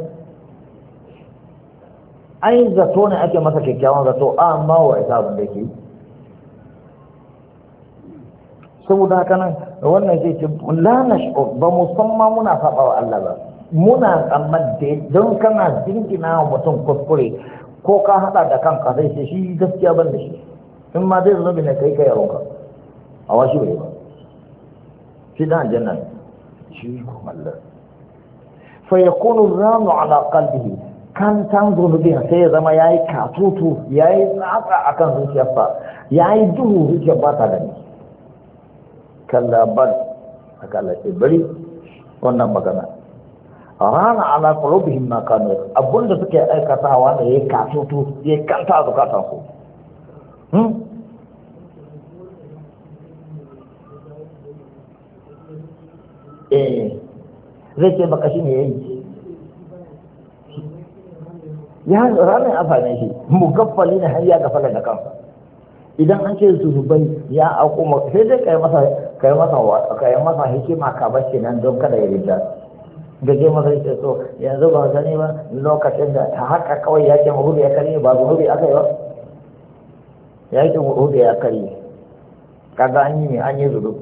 [SPEAKER 1] ai zato ne ake masa kyakkyawan zato amma wa isa abin da ke saboda haka nan wannan ce ce la nashu ba musamman muna saba wa Allah ba muna da don kana jingina wa mutum kuskure ko ka haɗa da kanka sai sai shi gaskiya ban da shi in ma zai zo ne kai kai ka a washi bai ba shi dan aljanna shi kumallar. mallar fa yakunu zanu ala qalbihi kan tan bin sai ya zama yayi katutu yayi tsatsa akan zuciyarsa yayi duhu zuciyar ba ta gani kalla bal akalla bari wannan magana rana ala qulubihim ma kanu abunda suke aikatawa da yayi kasutu yayi kanta a zakatan su hmm eh zai ce baka shine yayi ya ranar amfani shi mugaffali ne har ya gafala da kansa idan an ce zunubai ya auku sai dai kai masa kai masa kai masa hikima ka bar shi nan don kada ya rinda da je masa yake so yanzu ba gani ba lokacin da ta haka kawai ya yakin mahudu ya kari ba zuhuri aka yi ba ya yakin mahudu ya kari kaga an yi ne an yi zuru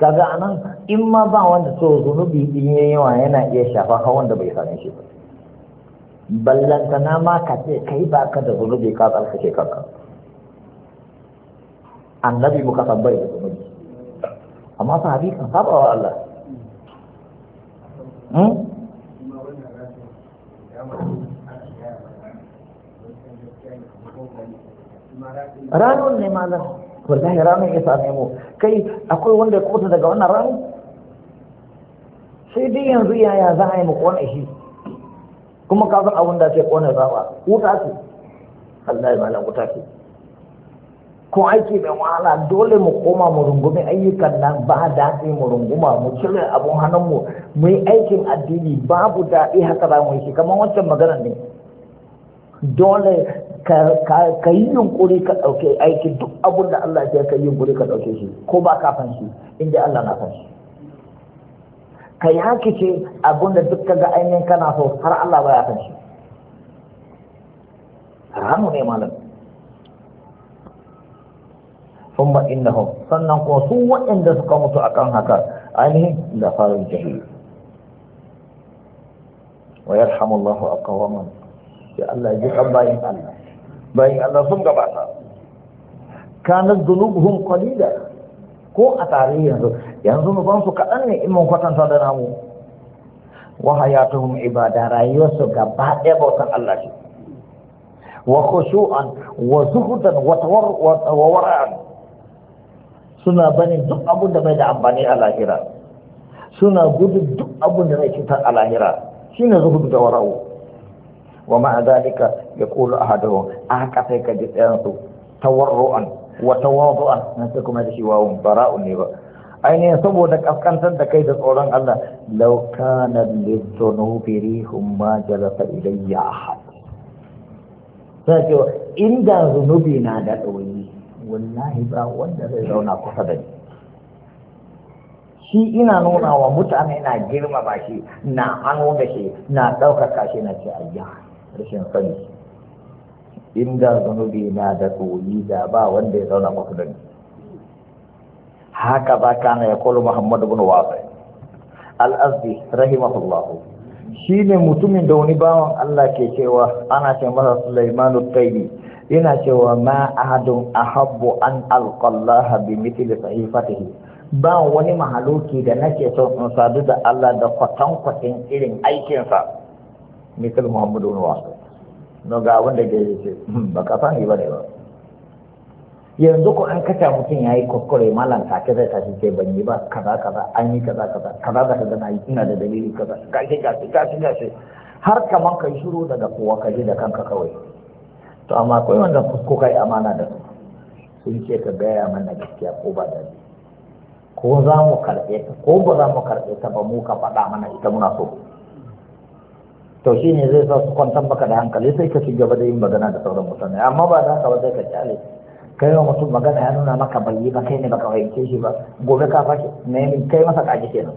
[SPEAKER 1] kaga anan in ma ba wanda so zunubi in yi yawa yana iya shafa har wanda bai same shi ba ballantana ma ka ce kai ba ka da zunubi ka tsarkake kanka annabi muka san bai da zunubi amma sahabi kan saba wa Allah ranon ne malam wallahi ranon ya same mu kai akwai wanda ya kuta daga wannan ranon sai dai yanzu yaya za a yi mu kona shi kuma kafin abin da ke kona zawa wuta ce Allah ya malam wuta ce ko aiki mai wahala dole mu koma mu rungumi ayyukan nan ba daɗi mu runguma mu cire abun hannunmu mu yi aikin addini babu daɗi haka za mu yi shi kamar wancan magana ne dole ka yi yunkuri ka ɗauke aiki duk abun da Allah ya ka yi yunkuri ka ɗauke shi ko ba ka fanshi inda Allah na fanshi ka yi haki ce abun da duk ka ga ainihin kana so har Allah ba ya fanshi ranu ne malam ثم إنهم سننقوا سوى إن دسقمت أكان wa عليهم لفار الجحيم ويرحم الله أقواما يا الله يجب باين Allah باين الله سنقى بعضا كانت ذنوبهم قليلة ko a tare yanzu yanzu nufansu kaɗan ne in mun kwatanta da namu wa hayatuhum ibada rayuwarsu gaba ɗaya bautan Allah ce wa khushu'an wa zuhudan wa tawarru'an suna bani duk abun da bai da amfani a lahira suna gudu duk abun da zai cutar a lahira Shi shine zuhudu da wara'u wa ma'a zalika ya kulu a haka sai ka ji tsayansu. su wa tawadu'an na sai kuma da shi wawon bara'un ne ba ainihin saboda kaskantar da kai da tsoron Allah law kana lidhunubi ma jalasa ilayya haɗu. sai ce inda zunubi na da ɗoyi wallahi ba wanda zai zauna kusa da ni shi ina nuna wa mutane na girmama shi na hannu da shi na ɗaukaka shi na ce ayya rashin sani inda zunubi na da tsoyi da ba wanda ya zauna kusa da ni haka ba kana ya kolo muhammadu bin wasa al'azdi rahimahullahu shi ne mutumin da wani bawan Allah ke cewa ana ce masa Sulaimanu Taimi yana cewa ma ahadun ahabbu an alqallaha bi mithli sahifatihi ba wani mahaluki da nake son in sadu da Allah da kwatan kwatin irin aikinsa misal Muhammadu Nuwasu no ga wanda ke yi ce hmm, ba ka yi ba ne ba yanzu ko an kaca mutum ya yi kuskure ta ke zai tashi ce ban yi ba kaza kaza an yi kaza kaza kaza da kaza na yi ina da dalili kaza ka gashi ka gashi har kaman kai shiru daga kowa ka je da kanka kawai to amma akwai wanda kuka yi amana da su sun ce ka gaya mana gaskiya ko ba da ko za mu karɓe ta ko ba za mu karɓe ta ba mu ka faɗa mana ita muna so to shi ne zai sa su kwantar baka da hankali sai ka ci gaba da yin magana da sauran mutane amma ba za ka ba sai ka kyale kai wa mutum magana ya nuna maka bai yi ba kai ne baka fahimce shi ba gobe ka fashe ne kai masa kaji kenan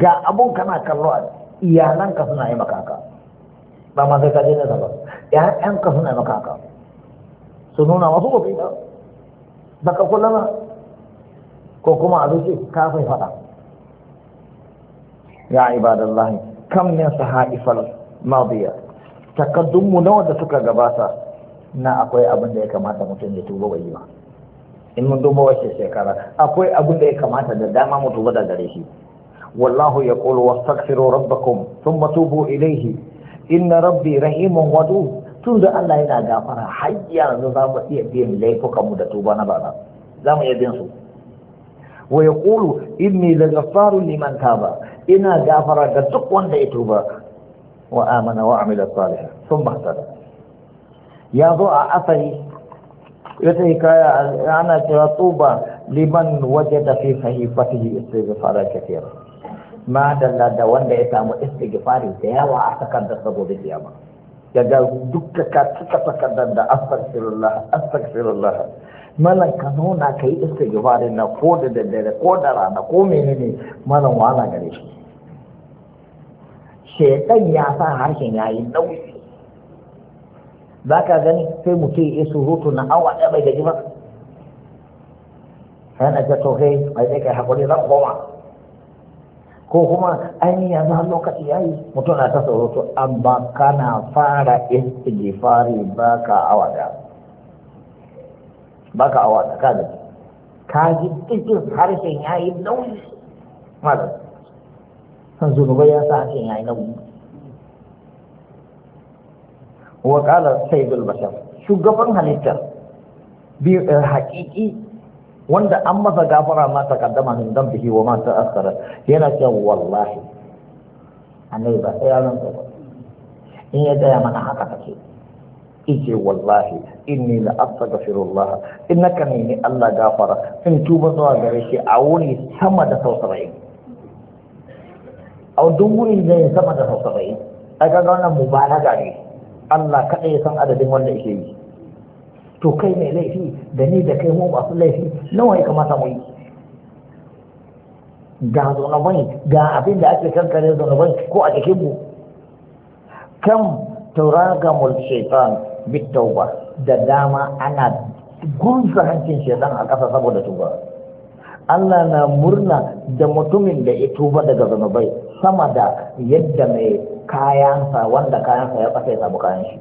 [SPEAKER 1] ga abun kana kallo a iyalanka suna yi maka haka ba ma sai ka je nesa ba ka suna maka haka su nuna masu kofi ba ba ka kula ba ko kuma a zuci ka fai faɗa ya ibadallahi kam min sahaifal madiya takaddunmu nawa da suka gabata na akwai abin da ya kamata mutum ya tuba bai yi ba in mun duba wace shekara akwai abin da ya kamata da dama mu tuba da gare shi wallahu yaqulu wastaghfiru rabbakum thumma tubu ilayhi inna rabbi rahimun wadu tun da Allah yana gafara har yanzu za mu iya biyan laifukanmu da tuba na baba za mu iya biyan su wa yaqulu inni laghafarun liman taba ina gafara ga duk wanda ya tuba wa amana wa amila salihan thumma ihtada ya zo a asali wata hikaya ana cewa tuba liman wajada fi sahifatihi istighfara kathira ma dalla da wanda ya samu istighfari da yawa a takardar saboda kiyama yaga dukka ka cika da astaghfirullah astaghfirullah malan ka nuna kai istighfari na ko da daddare ko da rana ko menene malam wala gare shi shedan ya sa harshen yayi yi nauyi za ka gani sai muke ya surutu na awa ɗaya bai gaji ba sai na to mai tsaye kai haƙuri zan koma ko kuma ainihin yanzu lokaci ya yi mutum na ta sauroto ba kana fara istighfari ba ka da ba ka da ka gaji ka ji cikin harshen ya yi nauyi malam san zunubai ya sa harshen ya yi nauyi wa kala sayyidul bashar shugaban halittar bi eh, hakiki wanda an masa gafara ma takaddama min dambihi wa ma ta ta'akhkhara yana cewa wallahi annabi ba sai nan ba in ya gaya mana haka take ije wallahi inni la astaghfirullah innaka ni Allah gafara in tuba zuwa gare shi a wuri sama da sau 70 a duk wuri zai sama da sau 70 ai kaga wannan mubalaga ne Allah kadai ya san adadin wanda yake yi to kai mai laifi da ni da kai mu masu laifi nawa ya kamata mu yi ga zunubai ga abin da ake kankare zunubai ko a cikin mu kan turagamul shaitan bit da dama ana gunsa hancin shaitan a ƙasa saboda tuba Allah na murna da mutumin da ya tuba daga zunubai sama da yadda mai kayansa wanda kayansa ya ƙasa ya samu kayan shi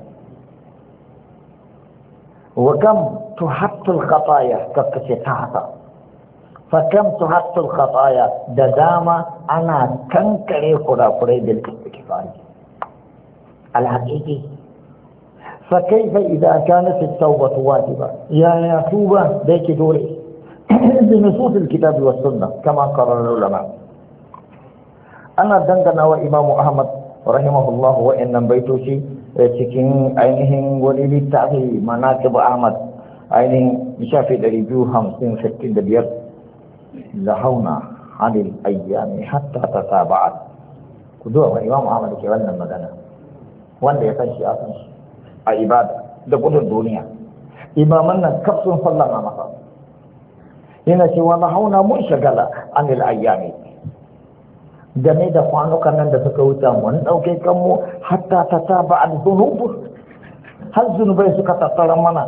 [SPEAKER 1] وكم تحط الخطايا تبكي تحت فكم تحط الخطايا دداما أنا كنكري قرى قرى بالكفاية الحقيقي فكيف إذا كانت التوبة واجبة يا يا توبة بيك دوري بنصوص الكتاب والسنة كما قرر العلماء أنا دندنا وإمام أحمد رحمه الله وإن بيتوشي Eh, cikin ainihin wani littafi mana ba ahmad ainihin shafi ɗari biyu hamsin sittin da biyar da hauna halin ayyami hatta ta saba'at ku duba wani imam ahmad ke wannan magana wanda ya san shi a san shi a ibada da gudun duniya imaman nan kafin sun na masa yana cewa na hauna mun shagala anil ayyami game da kwanukan nan da suka wuce wani ɗauke kanmu hatta ta taba al-zunubu har zunubai suka tattara mana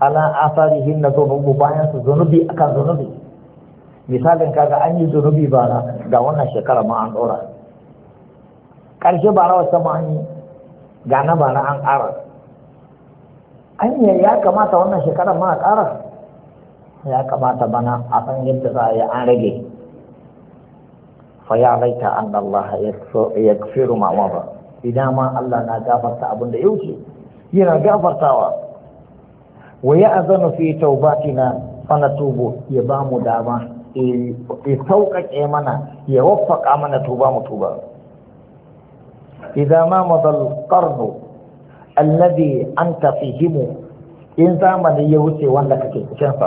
[SPEAKER 1] ala asarihin na zunubu bayan su zunubi akan zunubi misalin kaga an yi zunubi bara ga wannan shekara ma an ɗora ƙarshe bara wata ma an yi ga na bara an ƙara an yi ya kamata wannan shekara ma a ƙara ya kamata bana a san yadda za a yi an rage fa ya laita anna Allah yaghfiru ma idan ma Allah na gafarta abin da ya wuce yana gafartawa wa ya'zanu fi taubatina fa natubu ya ba mu dama ya sauƙaƙe mana ya waffaƙa mana tuba mu tuba idan ma madal qarnu alladhi anta fihimu in zamani ya wuce wanda kake cikin sa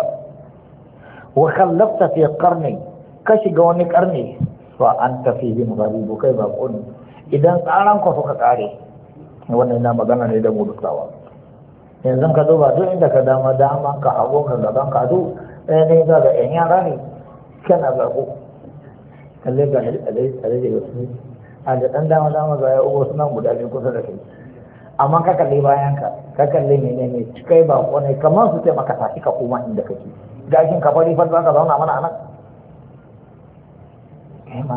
[SPEAKER 1] wa khallafta fi qarni ka shiga wani karni fa an tafi yin garibu kai ba ne idan tsaran ku suka kare wannan yana magana ne da mulukawa yanzu ka ba duk inda ka dama dama ka hagu ka gaban ka zo ɗaya ne za ga ɗan yara ne kana zaɓo kalle ga alaji da su a da ɗan dama dama za a yi uwa suna guda biyu kusa da kai amma ka kalle bayan ka ka kalle mene ne kai ba ne kamar su taimaka ta ka koma inda kake gashin ka fari fa za ka zauna mana anan him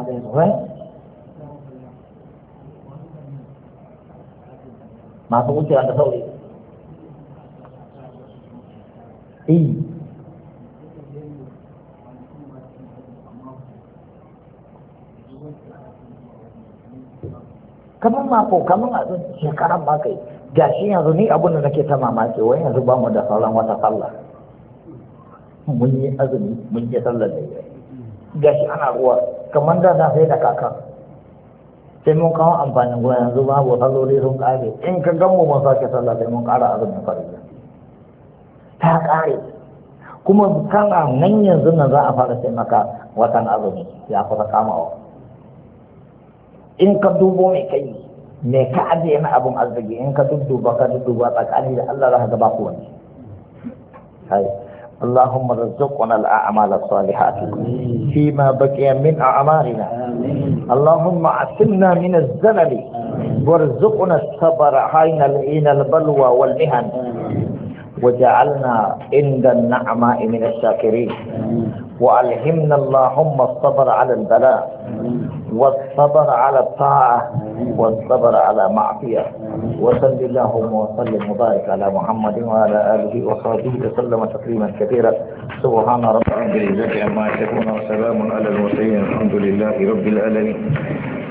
[SPEAKER 1] at gashi yanzu ni nake ta mamaki, wai yanzu ba mu da wata sallah. Mun yi azumi, mun gashi ana ruwa. kamar da na sai da kaka sai mun kawo amfanin gona yanzu babu salloli sun kare in ka gan mu mun sake sallah sai mun kara azumin farilla ta kare kuma a nan yanzu nan za a fara sai maka watan azumi ya kusa kamawa in ka dubo mai kai me ka ajiye na abin arziki in ka dudduba ka dudduba tsakani da Allah za ka ga kowanne اللهم رزقنا الأعمال الصالحات فيما بقي من أعمارنا اللهم عصمنا من الزلل وارزقنا الصبر حين العين البلوى والمهن وجعلنا عند النعماء من الشاكرين وألهمنا اللهم الصبر على البلاء والصبر على الطاعة والصبر على معصية وصل اللهم وسلم وبارك على محمد وعلى آله وصحبه وسلم تسليما كثيرا سبحان ربك رب العزة عما يصفون وسلام على المرسلين الحمد لله رب العالمين